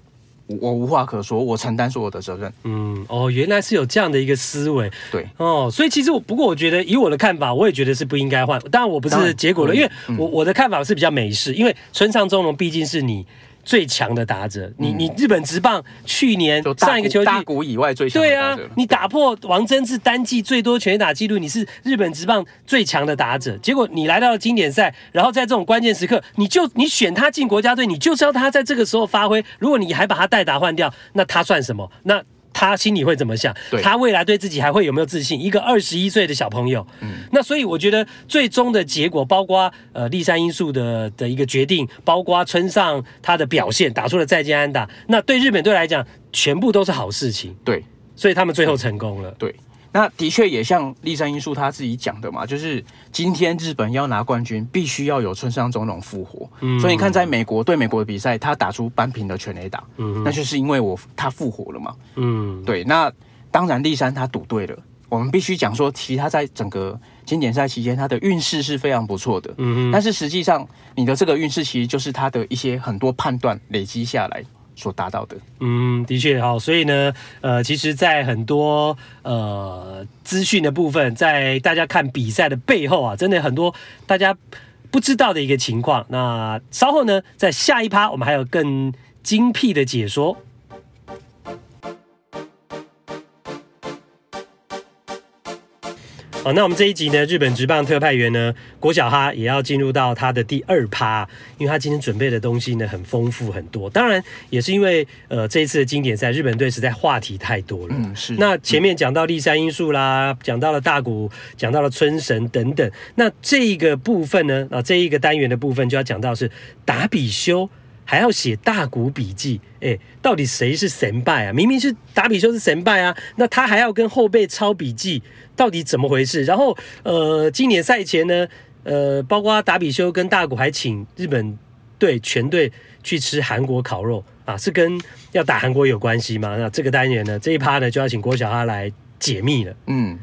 B: 我無話可說，我承擔所有的責任。嗯，哦，原來是有這樣的一個思維，對，哦，
A: 所以其實我不過我覺得，以我的看法，我也覺得是不應該換。當然我不是結果論。然因為、嗯、我我的看法是比較美式，因為村上宗隆畢竟是你最強的打者，你你日本職棒去年
B: 上一個球季大谷以外最強，對啊，
A: 你打破王貞治單季最多全壘打紀錄，你是日本職棒最強的打者。結果你來到了經典賽，然後在這種關鍵時刻，你就你選他進國家隊，你就是要他在這個時候發揮。如果你還把他代打換掉，那他算什麼？那。他心裡會怎麼想？對他未來對自己還會有沒有自信？一個二十一歲的小朋友，嗯、那所以我覺得最終的結果，包括呃立山因素的的一個決定，包括村上他的表現，嗯、打出了再見安打，那對日本隊
B: 來講，全部都是好事情。對，所以他們最後成功了。對。對那的確也像栗山英樹他自己講的嘛，就是今天日本要拿冠軍，必須要有村上宗隆復活。嗯，所以你看，在美國對美國的比賽，他打出扳平的全壘打，嗯哼，那就是因為我他復活了嘛，嗯，對。那當然，栗山他賭對了。我們必須講說，其實他在整個經典賽期間，他的運勢是非常不錯的。嗯，嗯哼。但是實際上，你的這個運勢其實就是他的一些很多判斷累積下來。所達到的，
A: 嗯，的確好，所以呢，呃，其實，在很多呃資訊的部分，在大家看比賽的背後啊，真的很多大家不知道的一個情況。那稍後呢，在下一趴，我們還有更精闢的解說。好、哦，那我們這一集呢，日本職棒特派員呢，郭小哈也要進入到他的第二趴，因為他今天準備的東西呢很豐富很多，當然也是因為呃這一次的經典賽，日本隊實在話題太多了。嗯，是。那前面講到栗山英樹啦，講、嗯、到了大谷，講到了村神等等，那這一個部分呢，啊這一個單元的部分就要講到是達比修。還要寫大谷筆記，哎、欸，到底誰是神拜啊？明明是達比修是神拜啊，那他還要跟後輩抄筆記，到底怎麼回事？然後，呃，今年賽前呢，呃，包括達比修跟大谷，還請日本隊全隊去吃韓國烤肉啊，是跟要打韓國有關係嗎？那這個單元呢，這一趴呢，就要請郭小哈來解密
B: 了。嗯，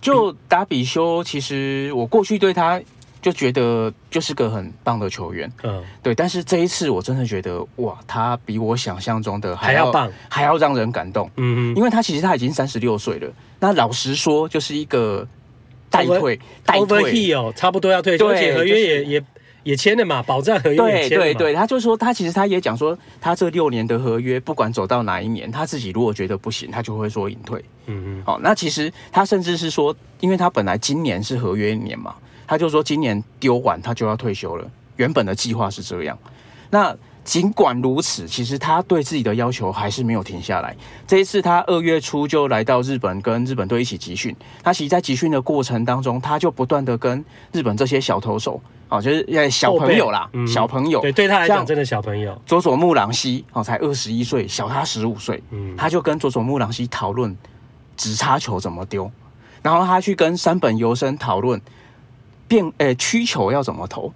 B: 就達比修，其實我過去對他。就覺得就是個很棒的球員，嗯，對。但是這一次，我真的覺得哇，他比我想象中的還要，還要棒，還要讓人感動，嗯嗯。因為他其實他已經三十六歲了，那老實說，就是一個代退，Over, 代退哦，差不多要退。對而且合約也、就是、也也
A: 簽了嘛，保障
B: 合約也簽。對對對，他就是說他其實他也講說，他這六年的合約，不管走到哪一年，他自己如果覺得不行，他就會說引退。嗯嗯。好、哦，那其實他甚至是說，因為他本來今年是合約年嘛。他就說：“今年丟完，他就要退休了。原本的計劃是這樣。那儘管如此，其實他對自己的要求還是沒有停下來。這一次，他二月初就來到日本，跟日本隊一起集訓。他其實，在集訓的過程當中，他就不斷的跟日本這些小投手，哦，就是小朋友啦，嗯、小朋友，對，對他來講
A: 真的小朋友，
B: 佐佐木朗希哦，才二十一歲，小他十五歲，嗯，他就跟佐佐木朗希討論指叉球怎麼丟，然後他去跟山本由伸討論。”變誒，曲球要怎麼投？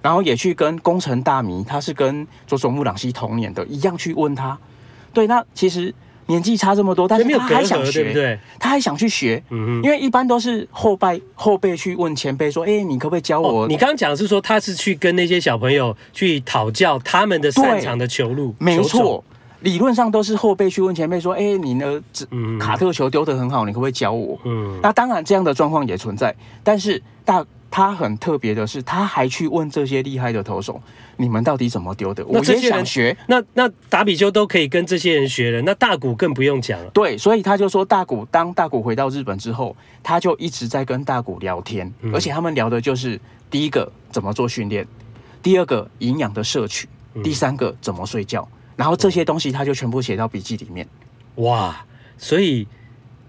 B: 然後也去跟宮城大彌。他是跟佐佐木朗希同年的，一樣去問他。對，那其實年紀差這麼多，但是他還想學，對不對？他還想去學，嗯嗯哼。因為一般都是後輩後輩去問前輩說：“哎，你可不可以教我、哦？”你剛講是說他是去跟
A: 那些小朋友去討教他們的擅長的球路，沒錯。
B: 種理論上都是後輩去問前輩說：“哎，你呢，卡特球丟得很好，你可不可以教我？”嗯。那當然這樣的狀況也存在，但是大。他很特別的是，他還去問這些厲害的投手，你們到底怎麼丟的？那這些人我也想學。那那達比修都可以跟這些人學了，那大谷更不用講了。對，所以他就說大谷，當大谷回到日本之後，他就一直在跟大谷聊天，而且他們聊的就是第一個怎麼做訓練，第二個營養的攝取，第三個怎麼睡覺，然後這些東西他就全部寫到筆記裡面。哇，所以。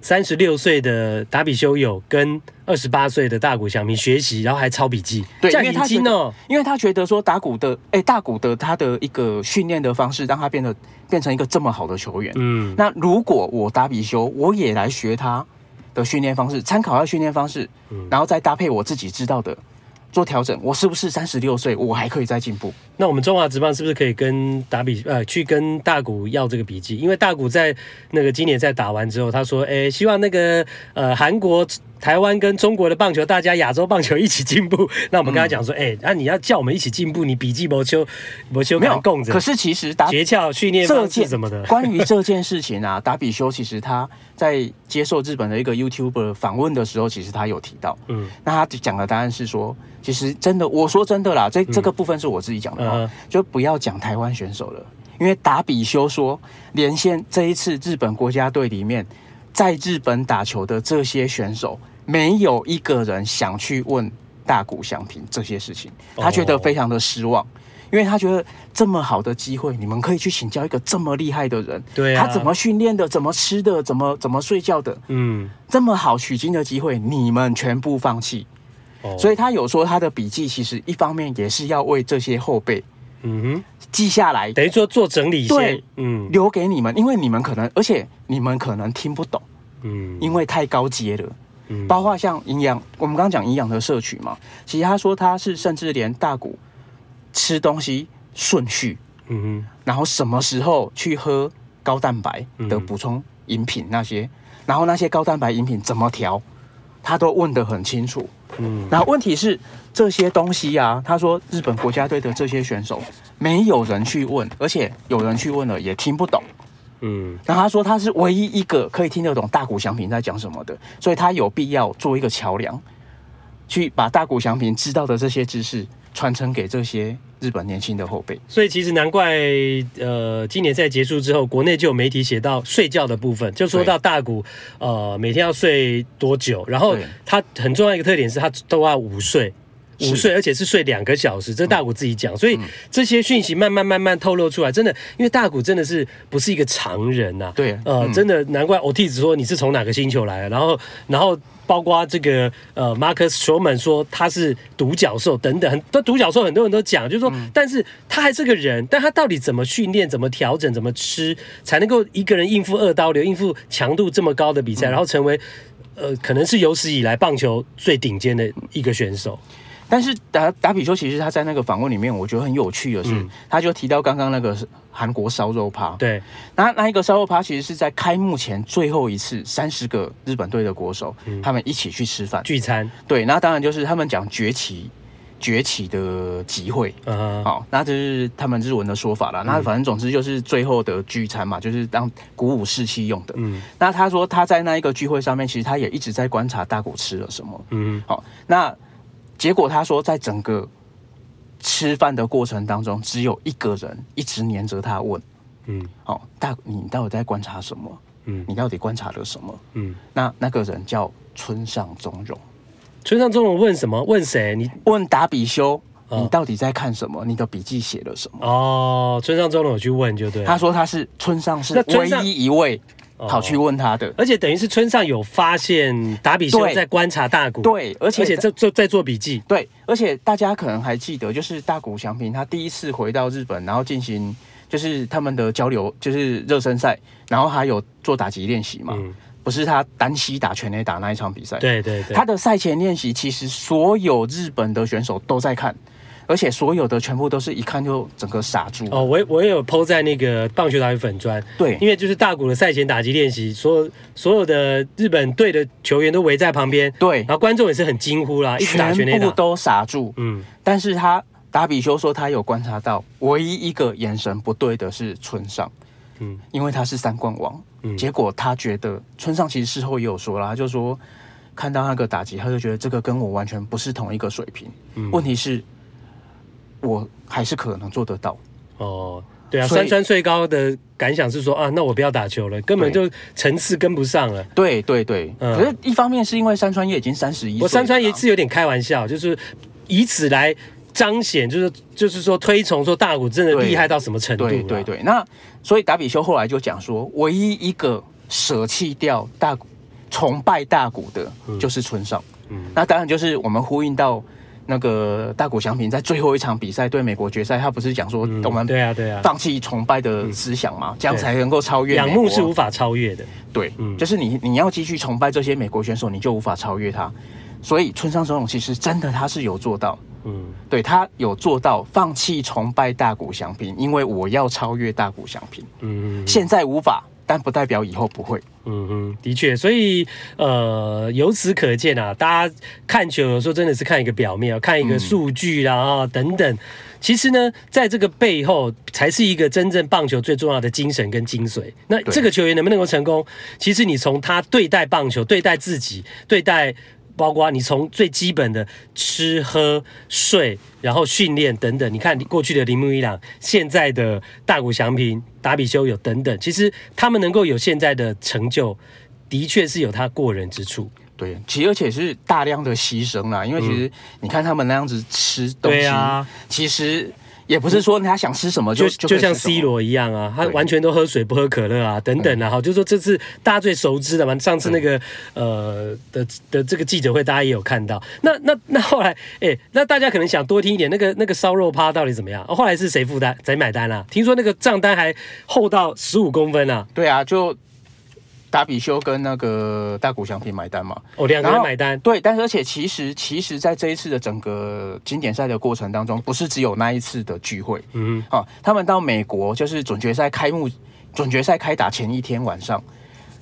B: 三十六歲的達比修有
A: 跟二十八歲的大谷翔平學習，然後還抄筆記。對，因為他是，
B: 因為他覺得說打鼓的，哎、欸，大谷的他的一個訓練的方式，讓他變得變成一個這麼好的球員。嗯，那如果我達比修，我也來學他的訓練方式，參考他訓練方式，然後再搭配我自己知道的做調整，我是不是三十六歲，我還可以再進步？
A: 那我們中華職棒是不是可以跟達比呃，去跟大谷要這個筆記？因為大谷在那個今年在打完之後，他說：“欸、希望那個呃韓國、台灣跟中國的棒球，大家亞洲棒球一起進步。”那我們跟他講說：“哎、嗯，那、欸啊、你要叫我們一起進
B: 步，你筆記沒修
A: 修沒有供着。可著”可是其實達比這件事
B: 什件事情啊， 達比修其實他在接受日本的一個 YouTuber 訪問的時候，其實他有提到。嗯，那他講的答案是說，其實真的，我說真的啦，這這個部分是我自己講的、嗯。嗯嗯，就不要講台灣選手了，因為達比修說，連線這一次日本國家隊裡面，在日本打球的這些選手，沒有一個人想去問大谷翔平這些事情，他覺得非常的失望，哦、因為他覺得這麼好的機會，你們可以去請教一個這麼厲害的人，對、啊，他怎麼訓練的，怎麼吃的，怎麼怎麼睡覺的，嗯，這麼好取經的機會，你們全部放棄。所以他有說他的筆記，其實一方面也是要為這些後輩，嗯哼，記下來，等於說做整理，對，嗯，留給你們，因為你們可能，而且你們可能聽不懂，嗯，因為太高階了，嗯，包括像營養，我們剛講營養的攝取嘛，其實他說他是甚至連大谷吃東西順序，嗯哼，然後什麼時候去喝高蛋白的補充飲品那些，然後那些高蛋白飲品怎麼調。他都問得很清楚，嗯，那問題是這些東西啊，他說日本國家隊的這些選手沒有人去問，而且有人去問了也聽不懂，嗯，那他說他是唯一一個可以聽得懂大谷翔平在講什麼的，所以他有必要做一個橋樑，去把大谷翔平知道的這些知識傳承給這些。日本年輕的後輩，
A: 所以其實難怪，呃，今年賽結束之後，國內就有媒體寫到睡覺的部分，就是、說到大谷，呃，每天要睡多久，然後他很重要一個特點是他都要午睡。午睡，而且是睡兩個小時，是這大谷自己講，所以這些訊息慢慢慢慢透露出來，真的，因為大谷真的是不是一個常人吶、啊。對，呃，真的難怪我弟子說你是從哪個星球來的，然後，然後包括這個呃馬克斯·史特羅曼說他是獨角獸等等，很都獨角獸很多人都講，就是說，嗯、但是他還是個人，但他到底怎麼訓練，怎麼調整，怎麼吃，才能夠一個人應付二刀流、應付強度這麼高的比賽，然後成為呃可能是有史
B: 以來棒球最頂尖的一個選手。但是達、達比修其實他在那個訪問裡面，我覺得很有趣的是，嗯、他就提到剛剛那個韓國燒肉趴。對，那那一個燒肉趴其實是在開幕前最後一次，三十個日本隊的國手、嗯、他們一起去吃飯聚餐。對，那當然就是他們講崛起崛起的集會。好、uh huh. 哦，那就是他們日文的說法了。那反正總之就是最後的聚餐嘛，就是當鼓舞士氣用的。嗯，那他說他在那一個聚會上面，其實他也一直在觀察大谷吃了什麼。嗯，好、哦，那。結果他說，在整個吃飯的過程當中，只有一個人一直黏着他問。問嗯，好、哦，大，你到底在觀察什麼？嗯，你到底觀察了什麼？嗯，那那個人叫村上宗隆。村上宗隆問什麼？問誰？你問達比修，你到底在看什麼？哦、你的筆記寫了什麼？
A: 哦，村上宗隆我去問就對了。他說
B: 他是村上是那村上唯一
A: 一位。跑去問他的、哦，而且等於是村上有發現達比修，在在
B: 觀察大谷，對，而且而且在而且在,在,做在做筆記，對，而且大家可能還記得，就是大谷翔平他第一次回到日本，然後進行就是他們的交流，就是熱身賽，然後還有做打擊練習嘛，嗯、不是他單膝打全壘打那一場比賽，對對對，對對他的賽前練習其實所有日本的選手都在看。而且所有的全部都是一看就整個傻住哦，oh,
A: 我也我也有 po 在那個棒球打擊粉專對，因為就是大谷的賽前打擊練習，所有所有的日本隊的球員都圍在旁邊
B: 對，然後觀眾也是很驚呼啦，一打全部都傻住嗯，但是他達比修說他有觀察到唯一一個眼神不對的是村上嗯，因為他是三冠王嗯，結果他覺得村上其實事後也有說啦，他就說看到那個打擊他就覺得這個跟我完全不是同一個水平，嗯，問題是。我還是可能做得到哦，對啊，以山川
A: 穗高的感想是說啊，那我不要打球了，根本就層次跟不上了。對對對，對對嗯、可
B: 是一方面是因為山川
A: 也已經三十一歲了，我山川一次有點開玩笑，就是以此來彰顯，就
B: 是就是說推崇說大谷真的厲害到什麼程度，啊對。對對對，那所以達比修後來就講說，唯一一個舍棄掉大谷，崇拜大谷的，就是村上，嗯。嗯，那當然就是我們呼應到。那個大谷翔平在最後一場比賽對美國決賽，他不是講說我們放棄崇拜的思想嗎？嗯啊啊嗯、這樣才能夠超越。仰慕是無法超越的，對，嗯、就是你你要繼續崇拜這些美國選手，你就無法超越他。所以村上宗隆其實真的他是有做到，嗯，對他有做到放棄崇拜大谷翔平，因為我要超越大谷翔平，嗯哼哼，現在無法。但不代表以後不會，嗯嗯，的確，所以呃，由此可
A: 見啊，大家看球有時候真的是看一個表面，看一個數據啦，嗯、等等。其實呢，在這個背後，才是一個真正棒球最重要的精神跟精髓。那這個球員能不能夠成功，對其實你從他對待棒球、對待自己、對待。包括你從最基本的吃喝睡、然後訓練等等，你看過去的鈴木一朗，現在的大谷翔平，達比修有等等，其實
B: 他們能夠有現在的成就，的確是有他過人之處。對，其實而且是大量的犧牲啦，因為其實你看他們那樣子吃東西，嗯、其實。也不是說他想吃什麼就就，就像 C
A: 羅一樣啊，他完全都喝水不喝可樂啊，對等等啊，哈，就是說這次大家最熟知的嘛。上次那個呃的的，的這個記者會，大家也有看到。那那那後來哎，那大家可能想多聽一點那個那個燒肉趴到底怎麼樣？哦、後來是誰負擔誰買單啊？聽說那個賬單還厚到十五公分呢，啊。
B: 對啊，就。達比修跟那個大谷翔平買單嘛？哦，兩個人買單。對，但是而且其實，其實在這一次的整個經典賽的過程當中，不是只有那一次的聚會。嗯哼，哦，他們到美國就是準決賽開幕，準決賽開打前一天晚上，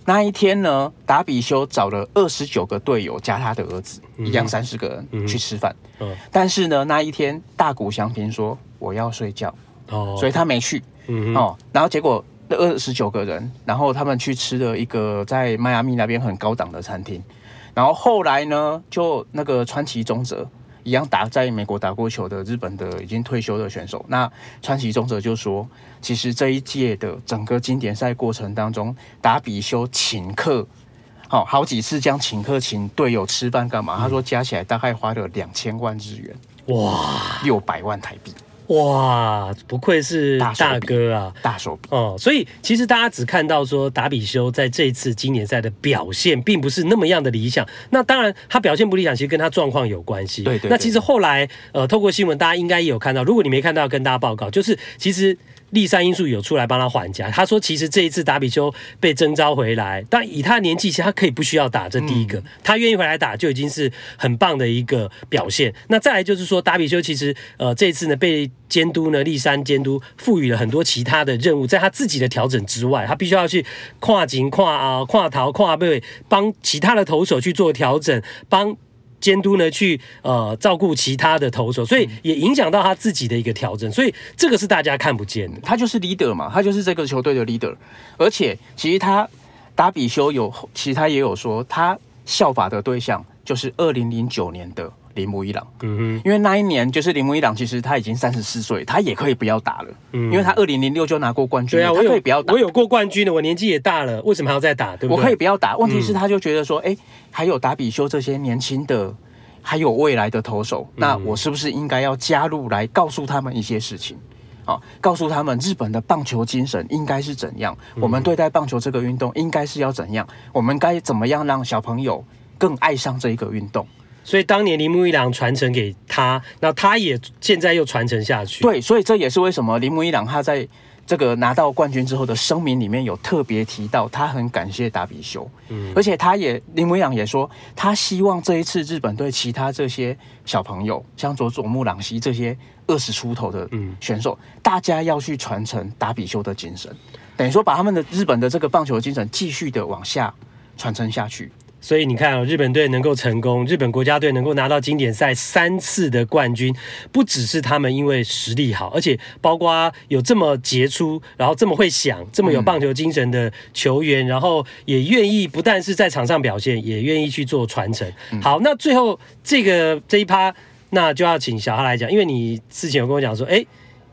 B: 那一天呢，達比修找了二十九個隊友加他的兒子，嗯、哼一樣三十個人去吃飯，嗯嗯。嗯，但是呢，那一天大谷翔平說，我要睡覺，哦，所以他沒去。嗯哼，哦、嗯哼，然後結果，那二十九個人，然後他們去吃了一個在邁阿密那邊很高檔的餐廳，然後後來呢，就那個川崎宗則一樣打在美國打過球的日本的已經退休的選手，那川崎宗則就說，其實這一屆的整個經典賽過程當中，達比修請客，好好幾次將請客請隊友吃飯干嘛？他說加起來大概花了兩千萬日元，哇，六百萬台幣。
A: 哇，不愧是大哥啊！大手筆哦、嗯，所以其實大家只看到說達比修在這次經典賽的表現並不是那麼樣的理想。那當然，他表現不理想，其實跟他狀況有關係。對，對對。那其實後來，呃，透過新聞，大家應該也有看到。如果你沒看到，跟大家報告，就是其實。栗山英樹有出來幫他緩頰，他說其實這一次達比修被徵召回來，但以他的年紀，其實他可以不需要打這第一個，嗯、他願意回來打就已經是很棒的一個表現。那再來就是說，達比修其實呃這一次呢被監督呢栗山監督賦予了很多其他的任務，在他自己的調整之外，他必須要去跨境、跨跨逃、跨被幫其他的投手去做調整，幫。監督呢，去呃照顧其他的投手，所以也影響到他自己的一個
B: 調整，所以這個是大家看不見的。他就是 leader 嘛，他就是這個球隊的 leader。而且其實他達比修有，其實他也有說，他效法的對象就是二零零九年的。鈴木一朗，嗯嗯，因為那一年就是鈴木一朗。其實他已經三十四歲，他也可以不要打了，嗯，因為他二零零六就拿過冠軍了。嗯，對啊，我他可以不要打，我有過冠軍的，我年紀也大了，為什麼還要再打？對不對，我可以不要打。問題是，他就覺得說，哎、嗯欸，還有達比修這些年輕的，還有未來的投手，那我是不是應該要加入來告訴他們一些事情啊？告訴他們日本的棒球精神應該是怎樣？我們對待棒球這個運動應該是要怎樣？我們該怎麼樣讓小朋友更愛上這一個運動？所以當年鈴木一朗傳承給他，那他也現在又傳承下去。對，所以這也是為什麼鈴木一朗他在這個拿到冠軍之後的聲明裡面有特別提到，他很感謝達比修，嗯，而且他也鈴木一朗也說，他希望這一次日本隊其他這些小朋友，像佐佐木朗希這些二十出頭的選手，嗯，大家要去傳承達比修的精神，等於說把他們的日本的這個棒球精神繼續的往下傳承下去。所以你看、哦，日本隊能夠成
A: 功，日本國家隊能夠拿到經典賽三次的冠軍，不只是他們因為實力好，而且包括啊有這麼傑出，然後這麼會想，這麼有棒球精神的球員，嗯、然後也願意不但是在場上表現，也願意去做傳承。嗯、好，那最後這個這一趴，那就要請小哈來講，因為你之前有跟我講說，哎、欸，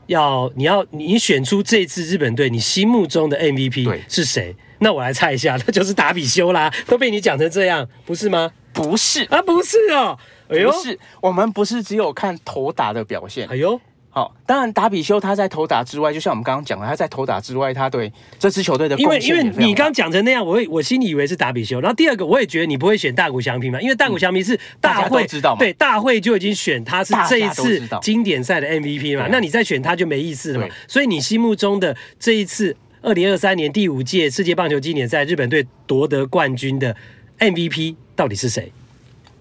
A: 要你要你選出這一次日本隊，你心目中的 MVP 是誰？那我來猜一下，那就是達比修啦，都被你講成這樣，不是嗎？不是啊，
B: 不是哦，哎呦，不是，我們不是只有看投打的表現，哎呦，好，當然達比修他在投打之外，就像我們剛剛講的，他在投打之外，他對這支球隊的貢獻也非常大。因為因為你剛講成那樣，我會，我心裡以為是達比修，然後第二個我也覺得你不會選大谷翔平嘛，因為大谷翔
A: 平是大會、嗯、大家都知道嘛，對，大會就已經選他是這一次經典賽的 MVP 嘛，那你再選他就沒意思了嘛，對所以你心目中的這一次。二零二三年第五屆世界棒球經典賽，日本隊奪得冠軍的 MVP 到底是誰？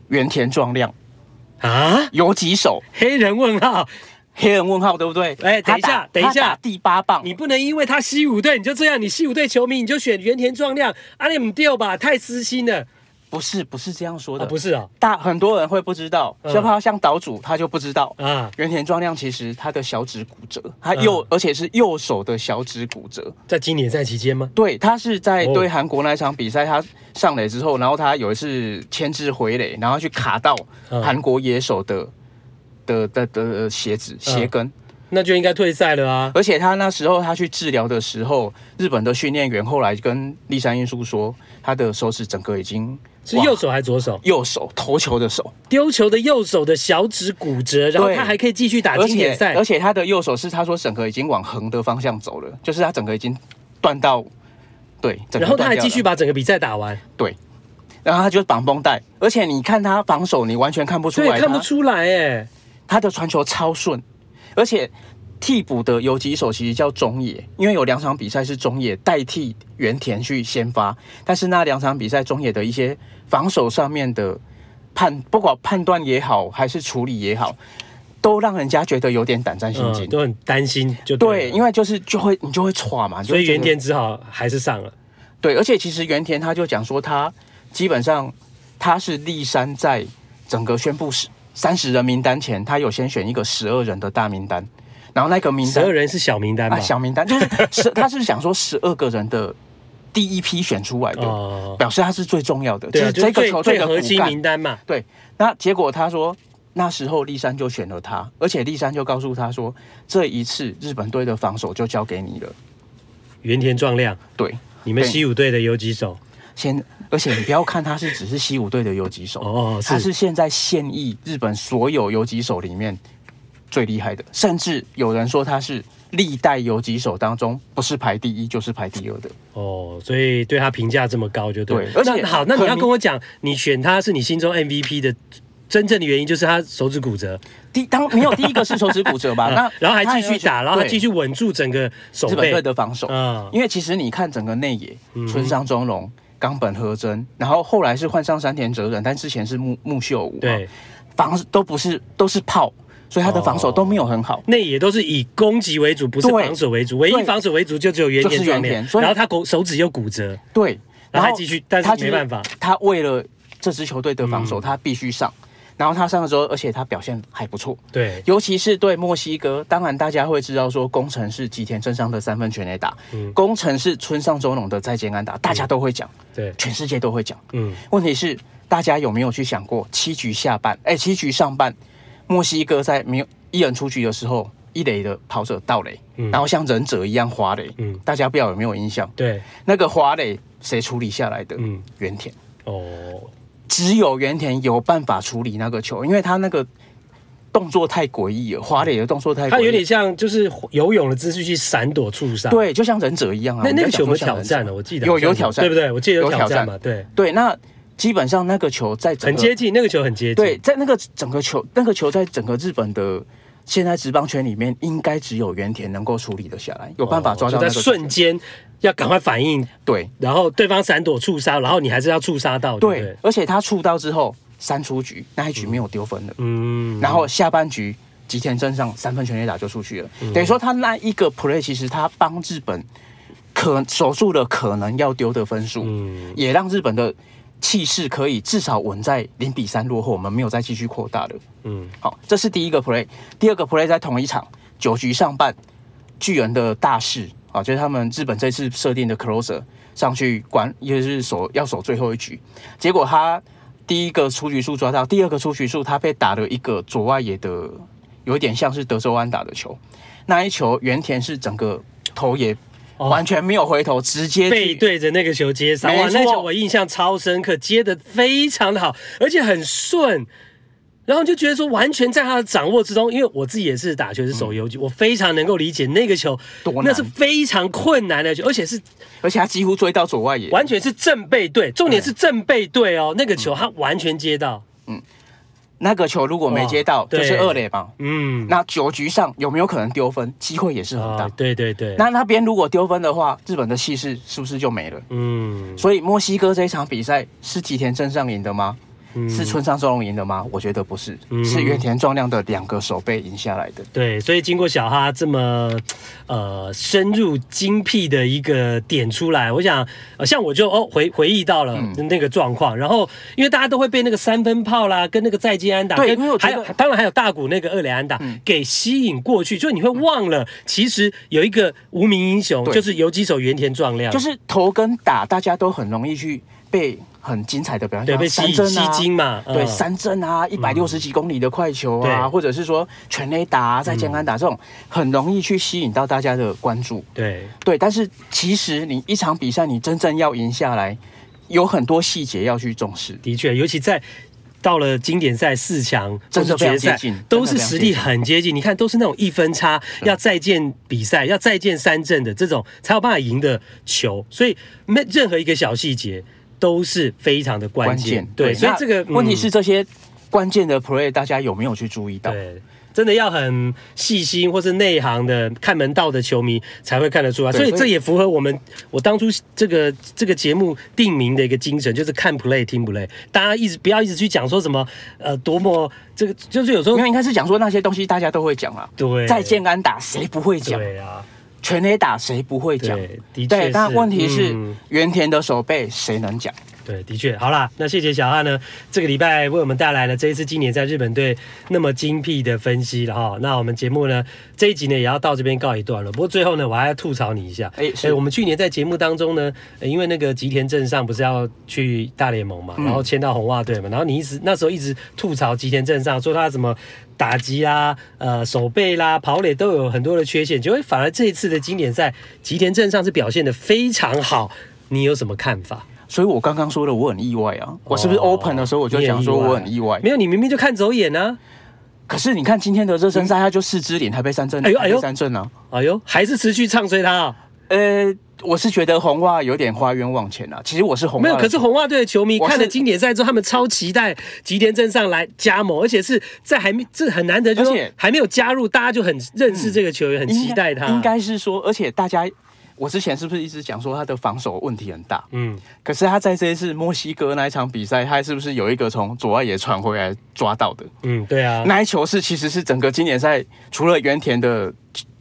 B: 源田壯亮啊？遊擊手？黑人問號？黑人問號對不對？哎、欸，等一下，等一下，第八棒，你不能因為他西武隊你就這樣，你西武隊球迷你就選源田壯亮，阿你唔掉吧？太私心了。不是不是這樣說的，啊、不是啊、哦，大很多人會不知道，就怕、嗯、像島主他就不知道啊。源田壯亮其實他的小指骨折，他右、啊、而且是右手的小指骨折，在今年賽期間嗎？對，他是在對韓國那場比賽他上壘之後，然後他有一次牽制回壘，然後去卡到韓國野手的的的的，的鞋子鞋跟，啊，那就應該退賽了啊。而且他那時候他去治療的時候，日本的訓練員後來跟栗山英樹說，他的手指整個已經。是右手還是左手？右手投球的手，丟球的右手的小指骨折，對然後他還可以繼續打經典賽。而且他的右手是，他說整個已經往橫的方向走了，就是他整個已經斷到對。然後他還繼續把整個比賽打完。對，然後他就綁繃帶。而且你看他防守，你完全看不出來他。對，看不出來耶，他的傳球超順，而且。替補的游擊手其實叫中野，因為有兩場比賽是中野代替源田去先發，但是那兩場比賽中野的一些防守上面的判，不管判斷也好，還是處理也好，都讓人家覺得有點膽戰心驚，嗯、都很擔心就。就對，因為就是就會你就會喘嘛，所以源田只好還是上了。對，而且其實源田他就講說，他基本上他是栗山在整個宣布十三十人名單前，他有先選一個十二人的大名單。然後那個名單，十二人是小名單嘛、啊，小名單就是是， 他是想說十二個人的第一批選出來的，哦哦哦哦表示他是最重要的，啊、就是這個球隊的最核心名單嘛。對，那結果他說那時候栗山就選了他，而且栗山就告訴他說，這一次日本隊的防守就交給你了。源田壯亮，對，對你們西武隊的游擊手，先，而且你不要看他是只是西武隊的游擊手哦，哦，哦，是他是現在現役日本所有游擊手裡面。最厲害的，甚至有人說他是歷代游擊手當中不是排第一就是排第二的哦，所以對他評價這麼高就對了。對，而且好，那你要跟我講，你，你選他是你心中 MVP
A: 的真正的原因，就是他手指骨折。第當沒有第一個是手指骨折吧？ 那、嗯、然後還繼續打，然後還繼續
B: 穩住整個日本隊的防守。嗯，因為其實你看整個內野，村上宗隆、岡本和真，然後後來是換上山田哲人，但之前是木木秀武，對，防都不是都是炮。所以他的防守都沒有很好，那也都
A: 是以攻擊為主，不是防守為主。唯一防守為主就只有源田壯亮。然後他骨手指又骨折，
B: 對，然後繼續，但是沒辦法，他為了這支球隊的防守，他必須上。然後他上的時候，而且他表現還不錯，對，尤其是對墨西哥。當然大家會知道說，功臣是吉田正尚的三分全壘打，功臣是村上宗隆的再見安打，大家都會講，對，全世界都會講，嗯。問題是大家有沒有去想過，七局下半，哎，七局上半？墨西哥在沒有一人出局的時候，一壘的跑者盜壘，然後像忍者一樣滑壘。嗯，大家不知道有沒有印象？對，那個滑壘誰處理下來的？嗯，源田。哦，只有源田有辦法處理那個球，因為他那個動作太詭異了，滑壘的動作太……他有點
A: 像就是游泳的姿勢去閃躲觸殺。對，
B: 就像忍者一樣啊。那那個球有沒有挑戰？我記得有有挑戰，對不對？我記得有挑戰嘛？對對，那。基本上那個球在整個很接近，那個球很接近。對，在那個整個球，那個球在整個日本的現在職棒圈裡面，應該只有源田能夠處理得下來，有辦法抓到。哦、就在瞬
A: 間要趕快反應，嗯、對。然後對方閃躲觸殺，然後你還是要觸殺
B: 到。對，對，對，而且他觸到之後三出局，那一局沒有丟分的。嗯。嗯。嗯，然後下半局吉田正尚三分全壘打就出去了，嗯、等於說他那一個 play 其實他幫日本可守住了可能要丟的分數，嗯、也讓日本的。氣勢可以至少穩在零比三落後，我們沒有再繼續擴大的。嗯，好，這是第一個 play，第二個 play 在同一場九局上半，巨人的大勢啊，就是他們日本這次設定的 closer 上去關，也是守要守最後一局。結果他第一個出局數抓到，第二個出局數他被打了一個左外野的，有一點像是德州安打的球，那一球原田是整個頭也，完全沒有回頭，直接、哦、背對着那個球接上。沒錯，哇，那球
A: 我印象超深刻，接得非常的好，而且很順。然後就覺得說，完全在他的掌握之中。因為我自己也是打球是守游擊，嗯、我非常能夠理解那個球多難，那是非常困難的球，而且是而且他幾乎追到左外野，完全是正背對，重點是正背對哦，嗯、那個球他完全接到，嗯。
B: 那個球如果沒接到，就是二壘嘛。嗯，那九局上有沒有可能丟分？機會也是很大。哦、
A: 對對對，那
B: 那邊如果丟分的話，日本的氣勢是不是就沒了？嗯，所以墨西哥這一場比賽是吉田正尚贏的嗎？是村上宗隆贏的嗎？我覺得不是，嗯、哼是源田壯亮的兩個守備贏下來的。
A: 對，所以經過小哈這麼呃深入精闢的一個點出來，我想、呃、像我就哦回回憶到了那個狀況。嗯、然後因為大家都會被那個三分炮啦，跟那個再見安打，對跟還有當然還有大谷那個二壘安打、嗯、給吸引過去，所以你會忘了、嗯、其實有一個無名英雄，對就是游擊手源田壯亮，就是
B: 投跟打大家都很容易去被。很精彩的表演，對，被吸吸睛嘛，啊嗯、對，三振啊，一百六十幾公里的快球啊，對或者是說全壘打、啊、在健康打，嗯、這種很容易去吸引到大家的關注。對對，但是其實你一場比賽，你真正要贏下來，有很多細節要去重視。的確，尤其在到了
A: 經典賽四強真的非常接近，都是實力很接近。接近你看，都是那種一分差、嗯、要再見比賽，要再見三振的這種，才有辦法贏的球。所以，沒任何一個小細節。都是非常的關鍵，對，所以這個、嗯、問題是這些關鍵的 play，大家有沒有去注意到？對，真的要很細心或是內行的看門道的球迷才會看得出來。對所以這也符合我們以我當初這個這個節目定名的一個精神，就是看 play 聽 play，大家一直不要一直去講說什麼
B: 呃多麼這個，就是有時候因為應該是講說那些東西大家都會講啊。對，再見安打誰不會講？對啊。全壘打誰不會講？對，的確。但問題是，嗯、源田的守備誰能講？對，的確。好啦，那謝謝小哈呢，這個禮拜為我們帶
A: 來了這一次今年在日本隊那麼精闢的分析了哈。那我們節目呢，這一集呢也要到這邊告一段落了。不過最後呢，我還要吐槽你一下。哎、欸，是、欸、我們去年在節目當中呢，因為那個吉田正尚不是要去大聯盟嘛，然後簽到紅襪隊嘛，嗯、然後你一直那時候一直吐槽吉田正尚，說他怎麼。打擊啦，呃，手背啦，跑壘都有很多的缺陷，結果反而這一次的經典賽，吉田正尚是表現得非常好。你
B: 有什麼看法？所以我剛剛說的，我很意外啊。哦、我是不是 open 的時候我就想說我很意外，很意外。啊？沒有，你明明就看走眼呢、啊。可是你看今天的熱身賽他就四支點，台被三振，哎呦，哎呦三振啊，哎呦還是持續唱衰他、啊。呃，我是覺得紅襪有點花冤枉錢了、啊。其實我是紅的，沒有，可是紅襪隊的球迷看了經典賽之後，是他們超期待吉田正
A: 尚來加盟，而且是在還沒這很難得，而且還沒有加入，且大家就很認識這個
B: 球員，嗯、很期待他。應該是說，而且大家，我之前是不是一直講說他的防守問題很大？嗯，可是他在這一次墨西哥那一場比賽，他是不是有一個從左外野傳回來抓到的？嗯，對啊，那一球是其實是整個經典賽除了源田的。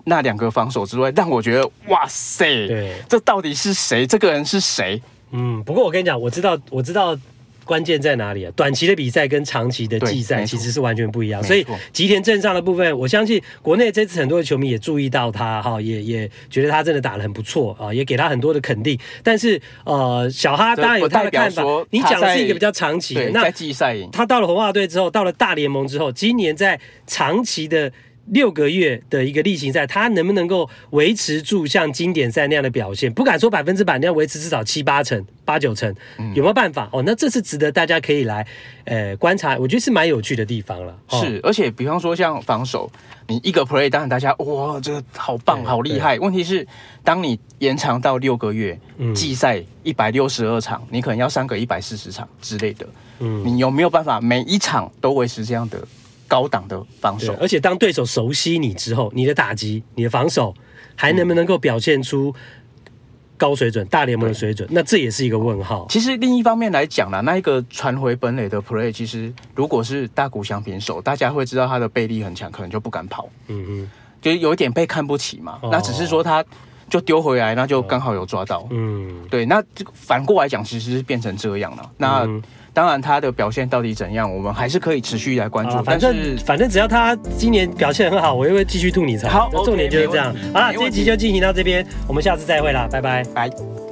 B: 那兩個防守之外，讓我覺得哇塞！對這到底是誰？這個人是誰？嗯，
A: 不過我跟你講，我知道，我知道關鍵在哪裡啊。短期的比賽跟長期的季賽其實是完全不一樣。所以吉錯田正尚的部分，我相信國內這次很多的球迷也注意到他哈，也也覺得他真的打得很不錯啊，也給他很多的肯定。但是呃，小哈當然有他的看法。你講的是一個比較長期的，那季賽他到了紅襪隊之後，到了大聯盟之後，今年在長期的。六個月的一個例行賽，他能不能夠維持住像經典賽那樣的表現？不敢說百分之百，你要維持至少七八成、八九成，有沒有辦法？嗯、哦，那這是值得大家可以來呃觀察，我覺
B: 得是蠻有趣的地方了。是，而且比方說像防守，你一個 play 當然大家哇，這個好棒，對好厲害。對問題是，當你延長到六個月季賽一百六十二場，嗯、你可能要三個一百四十場之類的，嗯，你有沒有辦法每一場都維持這樣的？高檔的防守，而且當對手熟悉你之後，你的打擊、
A: 你的防守還能不能夠表現出高水準、嗯、大聯盟的水準？對那
B: 這也是一個問號。其實另一方面來講呢，那一個傳回本壘的 play 其實如果是大谷翔平手，大家會知道他的背力很強，可能就不敢跑。嗯嗯哼，就有一點被看不起嘛。哦、那只是說他就丟回來，那就剛好有抓到。嗯，對。那反過來講，其實是變成這樣了。那。嗯當然，他的表現到底怎樣，我們還是可以持續來關注。反正、啊、反正，是反正只要他今年表現很好，我就會繼續吐你槽。好，重點就是這樣。好了這
A: 啦集就進行到這邊，我們下次再會啦，拜拜，拜，拜。